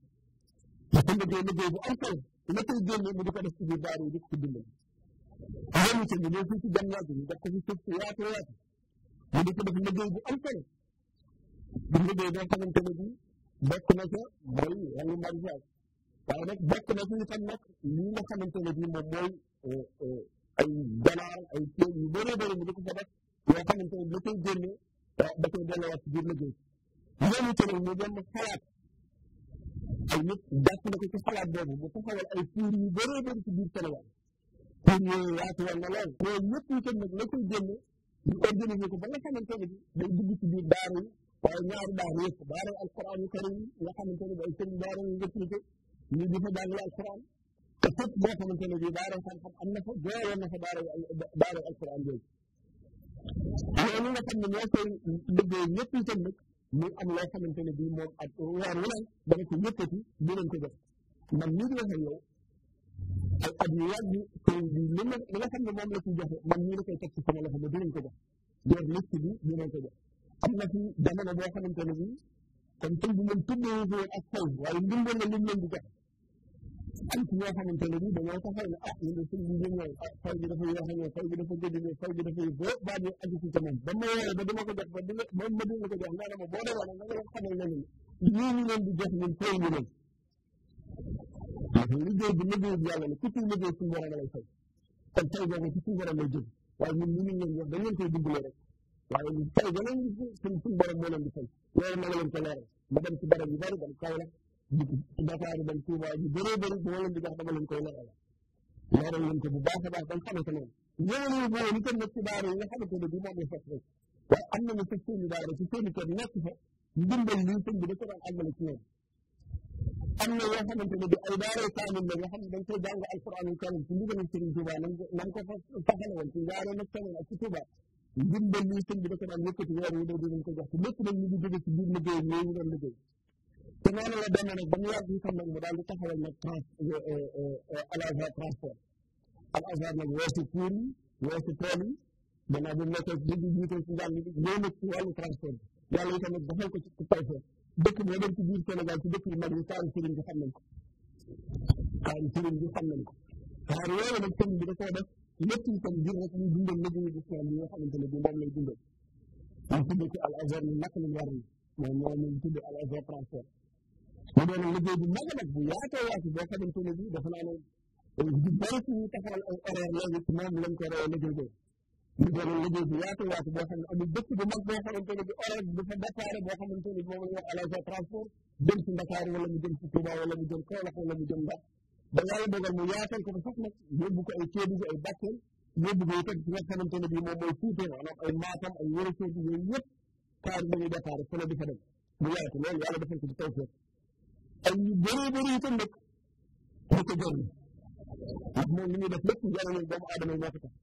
liggéey liggéey bu am solo la koy génne mu di ko def ci biir daara yi di ko ci dimbali loolu itam ñu ñëw fii ci jàmmaat ñu def ko ci suuf si yaatu yaatu mu di ko def liggéey bu am solo di liggéey boo xamante ne bii bokk na ca mooy wàllu maraîchage waaye nag bokk na ci itam nag li nga xamante ne bii moom mooy euh, euh, ay galaal ay ceeb yu bëree bëri mu di ko fa def yoo xamante ne la koy génne euh, da koy delluwaat ci biir liggéey loolu itam ñu dem xalaat nit jàpp na ko ci xalaat boobu mu taxawal ay puur yu bëree bëri ci biir Sénégal puur yooyu yaatu woon na lool mais ñëpp ñu tam nag la koy génne ñu organisé ko ba nga xamante ne bi day dugg ci biir daara yi waaye ñaari daara yëpp daara alquran yu karim yi nga xamante ne bi ay sëriñ daara yu ngëppite ñu di fa jàngale alquran te fépp boo xamante ne bi daara xam-xam am na fa jooyoon na fa daara daara alquran yooyu loolu nga xam ne ñoo koy liggéey ñëpp itam nag muy am loo xamante ne bii moom ak weer wu ne dana ko yëkkati di leen ko def man mii di wax ak yow ay at yu yàgg sëñ bi nga xam ne moom la ciy joxe man mii la koy teg sama loxo ma di ko bi di leen ko jox am na fi jamono boo xamante ne bii kon sëñ bi moom ak xel waaye ndimbal la lim leen di joxe am ci ñoo xamante ne ni dañoo taxaw ne ah ñu ne suñ bi ñëw ah dafa yéex a dafa gëj a ñëw dafa ba baal ñu aju ci moom ba ma woowee ba dama ko jox ba dina ba ma dina ko jox nee na ma boo demee nag nga leen xamal ne leen ñii ñu leen di jox ñun tool ma nga leen ko leeral ma dem ci barab la Dakar dem Touba ñu bëree bëri bu ma leen di jox dama leen koy leeral leeral leen ko bu baax a baax ba nga xamante ne yéen boo li ko nekk ci daara yi nga xamante ne bi moom la fekk rek waaye am nañu ci seen i daara ci seen i kër nekk fa ndimbal lii sëñ bi da ko daan àggale ci ñoom am na yoo xamante ne bi ay daara kaamil la nga xam ne dañ koy jàng alquranul karim ci ndigalul sëriñ Touba nam ko faxale woon ci jaaree nag feneen ak ci Touba ndimbal lii sëñ bi da ko daan yëkkati weer yi doo dinañ ko jox ci lépp nag ñu ngi jóge ci biir liggéey yooyu ñu doon liggéey te noonu la demee nag ba mu yàgg ñu xam nag nag euh, euh, euh, transport al azhar nag weesu kuur yi weesu tool yi gannaaw bi mu nekkee di di jiite ci njàng bi ñëw nag ci wàllu transport bi yàlla itam nag defal ko ci taw fee dëkk moo dem ci biir Sénégal ci dëkk yu mag yi kaam sëriñ bi xam nañ ko kaam sëriñ bi xam nañ ko xaar yooyu nag sëriñ bi da koo def lépp itam ngir rek ñu dundal liggéeyu bu seen bi nga xamante ne bi moom lay dundal ñu tudd ci al azhar ni naka lañ war mooy moom lañ tudd al mu doon liggéey bu mag a mag bu yaatoo yaatu boo xamante ne bii dafa naa ne du bëri ci ñu taxawal ay horaire léegi ci moom lañ ko rawee liggéey boobu mu doon liggéey bu yaatoo yaatu boo xam ne amul dëkk bu mag boo xamante ne bi horaire dafa déparé boo xamante ne moom la ñu wax alage transport jëm ci Ndakaar wala mu jëm ci Touba wala mu jëm Kaolack wala mu jëm Ndar ba yàlla dogal mu yaatal ko ba sax nag yóbbu ko ay Kédougou ay Bakel yóbbu ko itam ci nga xamante ne bii moom mooy Fuuta maanaam ay Matam ay Wuro Sédougou yooyu yëpp kaar dañuy déparé fa la di fa dem mu yaatu loolu yàlla defal ko ci tawfeex ay ñu bëree bëri itam nag ñu ko jëriñ ndax moom li ñuy def lépp njëriñu doomu aadama yi moo ko tax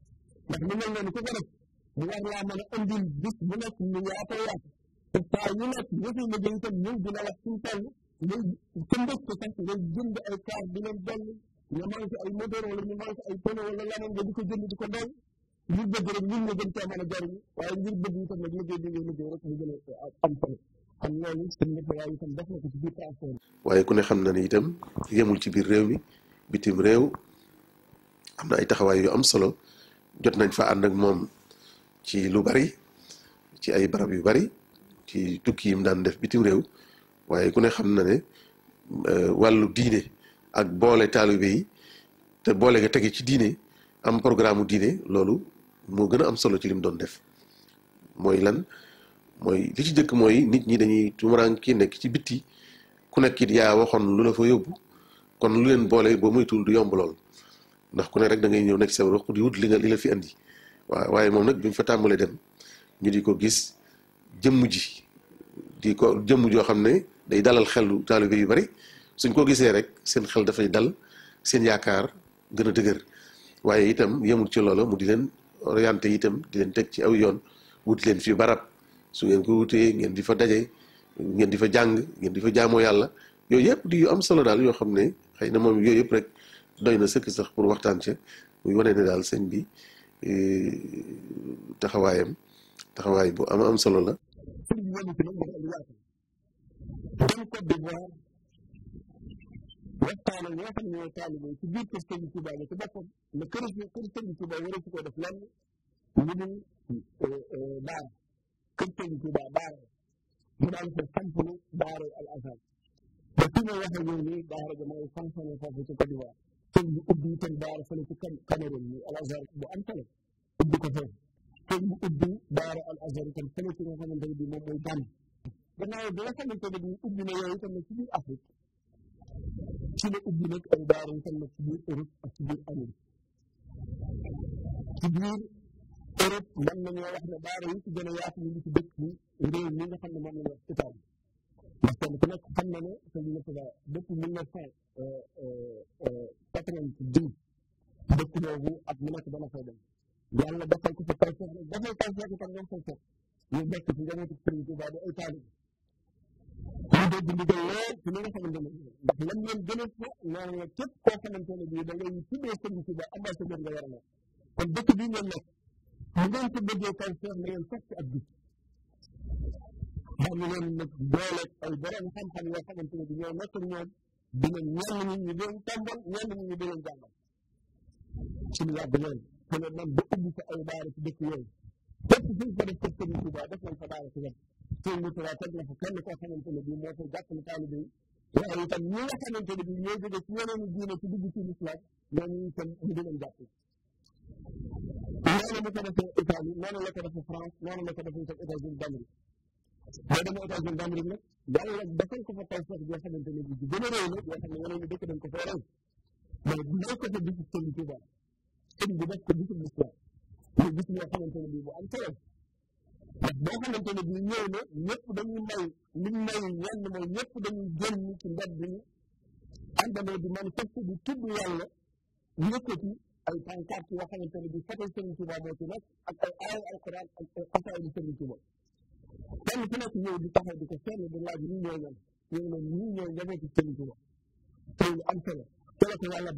ndax lu mel noonu ku ko def mu war laa mën a andil bis bu nekk ñu yaatoo yaatu te saa yu nekk ñu fiy liggéey itam ñëw dina wax suñu toll ngay tëmbës ko sax ay kaar di leen dolli nga may ay moteur wala ñu may si ay pono wala leneen nga di ko jënd di ko doy ngir bëgg rek ñun nga gën cee mën a jëriñu waaye ngir bëgg itam nag liggéey bi ngay liggéey rek mu gën a kon loolu seen ko waaye ku ne xam na ne itam yemul ci biir réew mi bitim réew am na ay taxawaay yu am solo jot nañ fa ànd moom ci lu bari ci ay barab yu bari ci tukki yim daan def bitim réew waaye ku ne xam na ne euh, wàllu diine ak boole taalibe yi te boole nga tege ci diine am programme mu diine loolu moo gën a am solo ci lim doon def mooy lan. mooy li ci njëkk mooy nit ñi dañuy tumuraan kii nekk ci bitti ku nekk it yaa waxoon lu la fa yóbbu kon lu leen boole boo moytuwul du yomb lool ndax ku ne rek da ngay ñëw nekk sa wax di wut li nga la fi andi waaw waaye moom nag bi fa tàmbalee dem ñu di ko gis jëmm ji di ko jëmm joo xam ne day dalal xelu taalibe yu bari suñ ko gisee rek seen xel dafay dal seen yaakaar gën a dëgër waaye itam yemul ci loola mu di leen orienté itam di leen teg ci aw yoon wut leen fi barab su ngeen ko wutee ngeen di fa daje ngeen di fa jàng ngeen di fa jaamoo yàlla yooyu yëpp di yu am solo daal yoo xam ne xëy na moom yooyu yëpp rek doy na sëkk sax pour waxtaan ca muy wane ne daal sëñ bi e, taxawaayam taxawaay bu am am solo la. waxtaan ko def lenn kër Sëriñ Tuubaa daara mu al azhar ba fi may waxee yow nii daara ja mooy sansane foofu ci Côte d'Ivoire sëñ bi ubbi itam daara fële ci Cameroun al azhar bu am solo ubbi ko foofu sëñ bi ubbi daara al azhar itam fële ci nga xamante ne bii moom mooy Gàmbi gannaaw bi nga xamante ne bii ubbi na yooyu itam nag ci biir Afrique ci la ay daara itam nag ci biir Europe ak ci biir Europe mën nañoo wax ne daara yi ci gën a yaatu ñu ngi ci dëkk yi réew mi nga xam ne moom la ñu wax Italie ndax kenn ku nekk xam na ne sëñ Moustapha depuis mille neuf cent euh, euh, quatre-vingt-dix dëkk boobu ak mu nekk dana fay dem yàlla defal ko ci taw feex rek dafay taw feex itam ñoom fay fekk ñu nekk ci njabootu sëriñ Tuubaa di ay taalibe ñu dégg ndigal lool ci li nga xamante ne ndax lam leen gënal ko nee na képp koo xamante ne bii da ngay tuddee sëriñ Tuubaa ambassadeur nga war a nekk kon dëkk bii ngeen nekk mu ngeen ko bëggee taw feex na ngeen fekk ab bis xam ne leen nag booleeg ay borom xam-xam yoo xamante ne bi ñoo nekk ñoom dina ñenn ñi ñu doon tàmbal ñenn ñi ñu doon jàngal suñu yàgg loolu te ne man ba ubbi sa ay daara ci dëkk yooyu fépp suñ ko def kër Sëriñ Tuubaa def nañ fa daara ci wet sëñ bi Tuubaa teg na fa kenn koo xamante ne bii moo koy jàppale taalibe yi waaye itam ñi nga xamante ne bii ñoo jóge ci yeneen diine ci dugg ci lislaam ñooñu itam ñu di leen jàppale noonu la ko defee Italie noonu a ko defee France noonu la ko defee sax États-Unis d'Amérique boo demee États-Unis d'Amérique nag yàlla defal ko fa taw sax yoo xamante ne bi gën a réew la yoo xam ne yeneen ñi dëkk dañ ko fee rey mais may ko fa bisub sëñ Tuuba sëñ bi def ko bisub l'islam muy bu am solo ne bi ay pancarte yoo xamante ne bi foto Serigne Touba moo ci nekk ay aaya alquran ak ay xasaay di Serigne Touba kenn ku nekk ñëw di taxaw di ko seet di laaj ñii ñoo ñan ñëw na ñii ñoo njabootu Serigne Touba tey lu am solo te la ko yàlla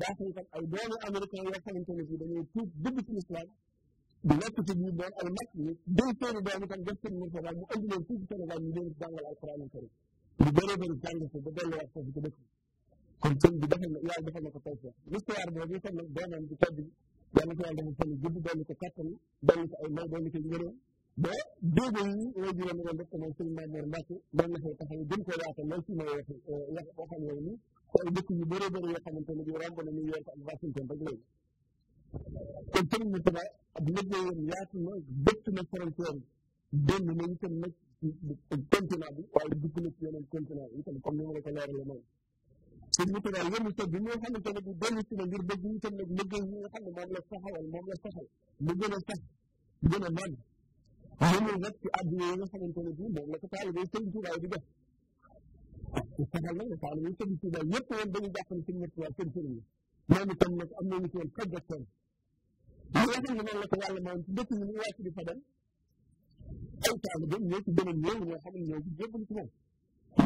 ne tuub dugg ci lislaam di nekk ci biir doon ay mag ñi day seeni doom itam def seen mur mu indi leen fii ci Sénégal ñu leen jàngal alquran al karim lu bëree bëri jàng ko ba delluwaat kon sëñ bi defal na yàlla defal na ko tawfeex l'histoire boobu itam nag doomam di tedd yàlla ko yàlla defal seen gudd doon ko kattan doon ko ay may doon ko njëriñ ba déggoo yi way juró na woon def ko mooy sëñ Mamour Mbacke moom la fay taxaw gën koo yaata lool si may wax waxam yooyu ni ko ay dëkk yu bëree bëri yoo xamante ne bii romb na New York ak Washington rek léegi kon sëriñ bi taba ab liggéeyam yaatu na bëtt na frontière yi dénn na itam nag continent bi waaye dugg na ci yeneen continent yi itam comme ni ma la ko leeralee noonu sëñ bi tubaab yëngu tëgg ñi nga xamante ne bi dellu si na ngir bëgg itam nag liggéey yi nga xam ne moom la saxawal moom la saxal mu gën a sax gën a màgg yëmul rek ci àdduna yi nga xamante ne bi moom la ko taalibe sëñ tubaab di def saxal nag ne taalibe sëñ tubaab yëpp woon dañu jàpp ne sëñ tubaab seen sëriñ la moom itam nag am nañu ci woon xajjatoon li nga xam ne noonu la ko yàlla moom ci dëkk yi ñu wàcc di fa dem ay taalibe ñoo ci gën a ñëw ñoo xam ne ñoo ci jébbal ci moom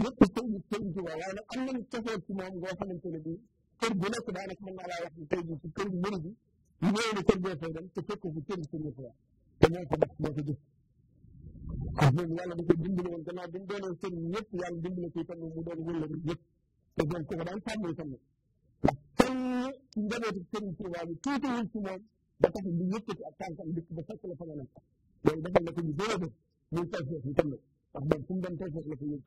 lépp sëñ bi sëñ bi waaye nag am nañu cofeel ci moom ngoo xamante ne bi kër bu nekk daanaka mën naa laa wax ni tey jii ci kër gu mëri bi ñëw na kër boo fay dem te fekk fu sëñ sëñ Tuubaa te moo ko def moo ko jëf ak moom yàlla da ko dimbali woon gannaaw bi mu doonee sëñ ñëpp yàlla dimbali ko itam mu doon wëlla nit ñëpp te donc ko daan sàmm itam nag ndax kenn ci njabootu sëñ Tuubaa bi tuutiwul ci moom ba tax du yëkkati ak tànkam dikk ba fekk la fa nga nekk loolu defal na ko ñu gën a def muy taw foofu itam nag wax dëgg fu mu dem tey foofu la ko yëg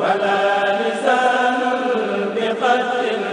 ولا لسان بقدر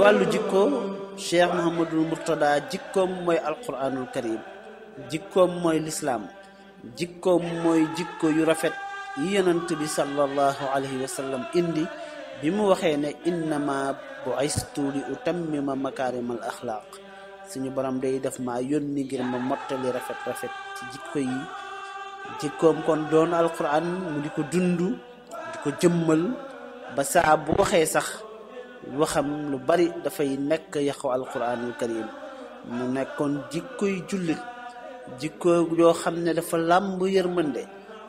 wàllu jikko cheikh Mouhamadul Mourtada jikkoom mooy alquranul karim jikkoom mooy lislaam jikkoom mooy jikko yu rafet yi yonent bi sallallahu alayhi wa indi bi mu waxee ne innama bu aystu li utammima makaarimal axlaaq suñu borom day def ma yónni ngir ma mottali rafet rafet ci jikko yi jikkoom kon doon alquran mu di ko dund di ko jëmmal ba saa bu waxee sax waxam lu bari dafay nekk yàqu alquranul karim mu nekkoon jikkoy jullit jikko joo xam ne dafa làmb yërmande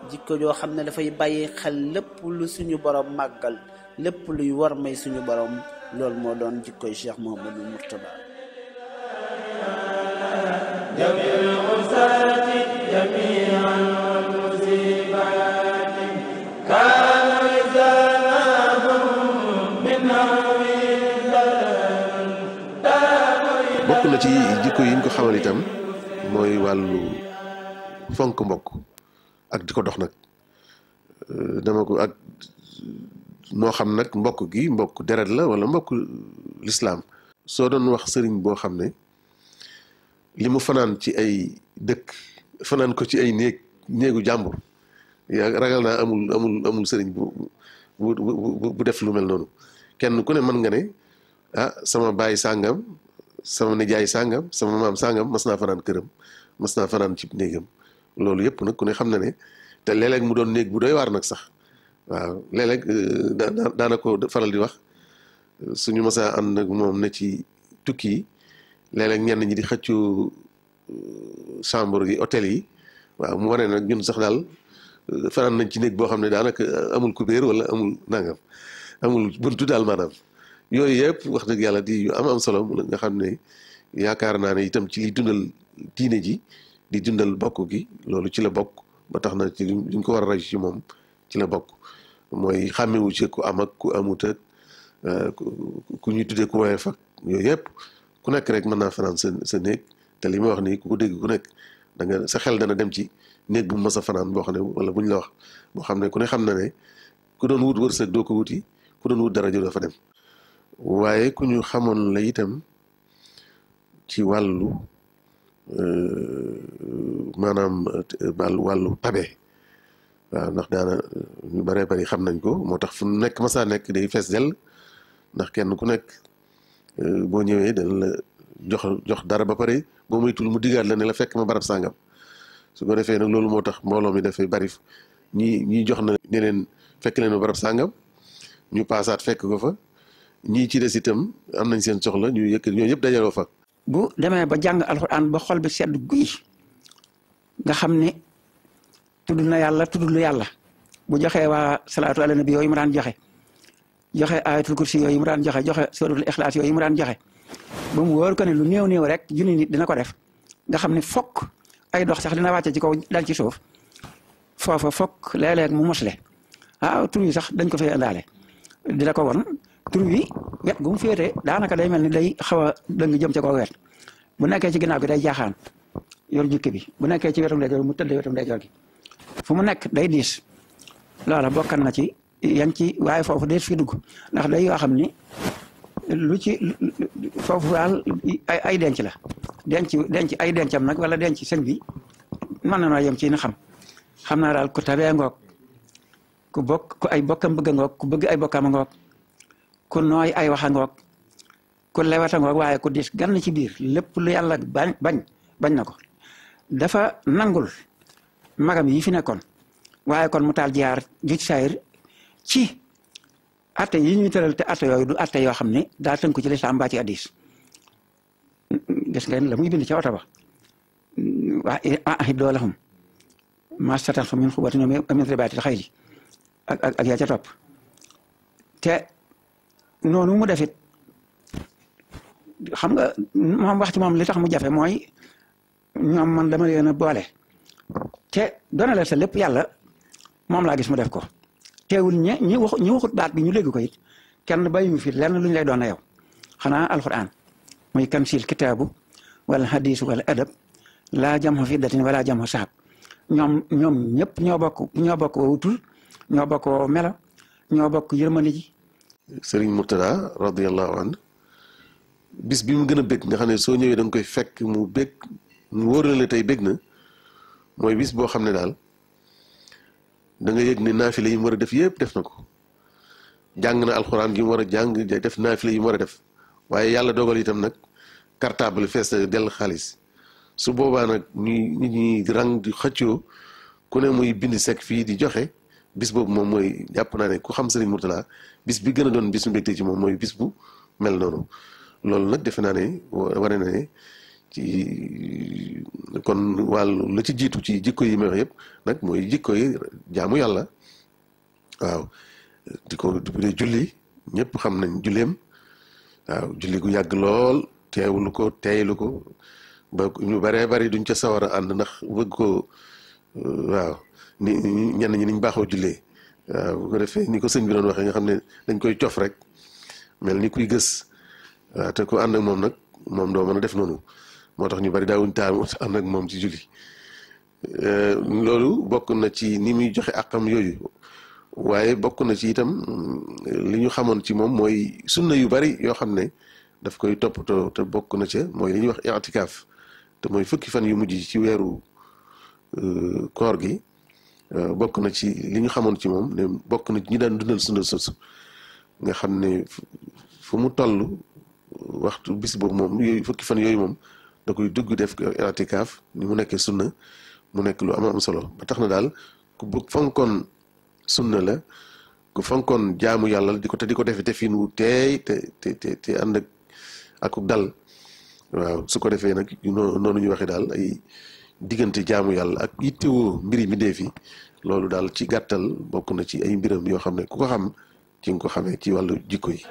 jikko joo xam ne dafay bàyyi xel lépp lu suñu borom màggal lépp luy war may suñu borom loolu moo doon jikkoy Cheikh Mouhamadou Mourtada ci jikko yi ko xamal itam mooy wàllu fonk mbokk ak di ko dox nag euh, dama ko ak moo xam nag mbokk gi mbokk deret la wala mbokk lislaam soo doon wax sëriñ boo xam ne li mu fanaan ci ay dëkk fanaan ko ci ay néeg néegu jàmbur yaa ragal naa amul amul amul sëriñ bu bu bu def lu mel noonu kenn ku ne mën nga ne ah sama baay sàngam sama nijaay sàngam sama maam sàngam mas naa fanaan këram mas naa fanaan ci néegam loolu yëpp nag ku ne xam na ne te léeg mu doon néeg bu doy waar nag sax waaw léeg-léeg euh, daana faral di wax suñu masaa ànd ak moom ne ci tukki yi léeg-léeg ñi di xëccu euh, chambre yi hôtel yi waaw mu waree nag ñun sax daal euh, fanaan nañ ci néeg boo xam ne daanaka amul kubéer wala amul nangam amul buntu daal maanaam yooyu yëpp wax dëgg yàlla di yu am am solo mu la nga xam ne yaakaar naa ne itam ci li dundal diine ji di dundal bokk gi loolu ci la bokk ba tax na ci liñ ko war a raj ci moom ci la bokk mooy xàmmewu ci ku am ak ku amut ak euh, ku ñuy tuddee ku woyof ak yooyu yëpp ku nekk rek mën naa fanaan sa sa néeg te li ma wax nii ku ko dégg ku nekk da nga sa xel dana dem ci néeg bu mas a fanaan boo xam ne wala buñ la wax boo xam ne ku ne xam na ne ku doon wut wërsëg doo ko wuti ku doon wut dara jo doo fa dem waaye ku ñu xamoon la itam ci wàllu euh, maanaam wàllu tabe waaw ndax daana ñu bare bari xam nañ ko moo tax fu nekk ma masaa nekk day fees del ndax kenn ku nekk euh, boo ñëwee dana la jox jox dara ba pare boo moytul mu diggaat la ne la fekk ma barab sàngam su ko defee nag loolu moo tax mbooloo mi dafay bari ñi ñi jox na ne fekk leen ma barab sàngam ñu paasaat fekk ko fa ñii ci des itam am nañ seen soxla ñu yëkk ñoo yëpp dajaloo fa. bu demee ba jàng alxuraan ba xol bi sedd guy nga xam ne tudd na yàlla tuddul yàlla bu joxe waa salaatu ala nabi yooyu mu daan joxe joxe ayatul kursi yooyu mu daan joxe joxe suratul ixlaas yooyu mu daan joxe ba mu wóor ko ne lu néew néew rek junni nit dina ko def nga xam ne fokk ay dox sax dina wàcce ci kaw dal ci suuf foofa fok léeg-léeg mu mosle ah tur sax dañ ko fay indaale di ko won tur wi wet gu mu féete daanaka day mel ni day xaw a dëng jëm ca koo wet bu nekkee ci ginnaaw gi day jaaxaan yor jukki bi bu nekkee ci wetu ndeyjoor mu tëdd wetam ndeyjoor gi fu mu nekk day diis loola bokkan na ci yan ci waaye foofu dees fi dugg ndax day xam ni ci foofu daal ay denc la denc denc ay dencam nag wala denc sëñ bi mën na noo yem ci na xam xam naa daal ku tabee ngoog ku bokk ku ay bokkam bëgg ngoog ku bëgg ay bokkam ngoog ku nooy ay waxa ngoog ku lewata ngoog waaye ko diis gan ci biir lépp lu yàlla bañ bañ bañ na ko dafa nangul magam yi fi nekkoon waaye kon mu taal jaar juj saayir ci atte yi ñuy te atte yooyu du atte yoo xam ne daa tënku ci lislaam mbaa ci hadiis gis ngeen la muy bind ca oto ba waa ahib doo lahum maastatan fa min xubatin amin ribaati xayri ak ak topp te noonu mu defit xam nga moom wax ci moom li tax mu jafe mooy ñoom man dama leen a boole te doona sa lépp yàlla moom laa gis mu def ko teewul ñe ñi wax ñi waxut baat bi ñu dégg koy kenn bàyyiwu fi lenn lu ñu lay doon a yow xanaa alquran muy kamsil kitaabu wala hadis wala adab laa jam fi datin wala jam saab ñoom ñoom ñëpp ñoo bokk ñoo bokk wutul ñoo bokk melo ñoo bokk yërmande Serigne Mourtada radiyallahu anhu bis bi mu gën a bëgg nga xam ne soo ñëwee da koy fekk mu bëgg mu wóor na tey bëgg na mooy bis boo xam ne daal danga yëg ne naafile yi mu war a def yëpp def na ko jàng na alxuraan yi mu war a jàng def naafile yi mu war a def waaye yàlla dogal itam nag cartable fees na dell xaalis su boobaa nag ñuy nit ñi rang di xëccoo ku ne muy bind sek fii di joxe bis boobu moom mooy jàpp naa ne ku xam Serigne Mourtada bis bi gën a doon bis mbégte ci moom mooy bis bu mel noonu loolu nag defe naa ne wane na ne ci kon wàllu la ci jiitu ci jikko yi may yëpp nag mooy jikko yi jaamu yàlla waaw di ko dee julli ñépp xam nañ julleem waaw julli gu yàgg lool teewlu ko teeylu ko ba ñu baree bari duñ ca sawar a ànd ndax bëgg ko waaw ni ñenn ñi niñ baaxoo jullee waaw bu ko defee ni ko sëñ bi doon waxee nga xam ne dañ koy cof rek mel ni kuy gës waaw te ku ànd ak moom nag moom doo mën a def noonu moo tax ñu bari daawuñ taamu ànd ak moom ci julli eh, loolu bokk na ci ni muy joxe àqam yooyu waaye bokk na ci itam li ñu xamoon ci moom mooy sunna yu bari yoo xam ne daf koy toppatoo te bokk na ci mooy li ñuy wax i'tikaaf te mooy fukki fan yu mujj ci weeru eh, koor gi Euh, bokk na ci li ñu xamoon ci moom bokk na ci ñu daan dundal sundal soosu nga xam ne fu mu toll waxtu bisi boobu moom yooyu fukki fan yooyu moom da koy dugg def itikaaf ni mu nekkee sunna mu nekk lu am am solo ba tax na daal ku bëgg fonkoon sunna la ku fonkoon jaamu yàlla di ko te di ko defe defin wu teey te te te ànd ak ak dal waaw su ko defee nag noonu ñu waxee daal ay diggante jaamu yàlla ak yittewoo mbiri mi dee fi loolu daal ci gàttal bokk na ci ay mbiram yoo xam ne ku ko xam ci nga ko xamee ci wàllu jikko yi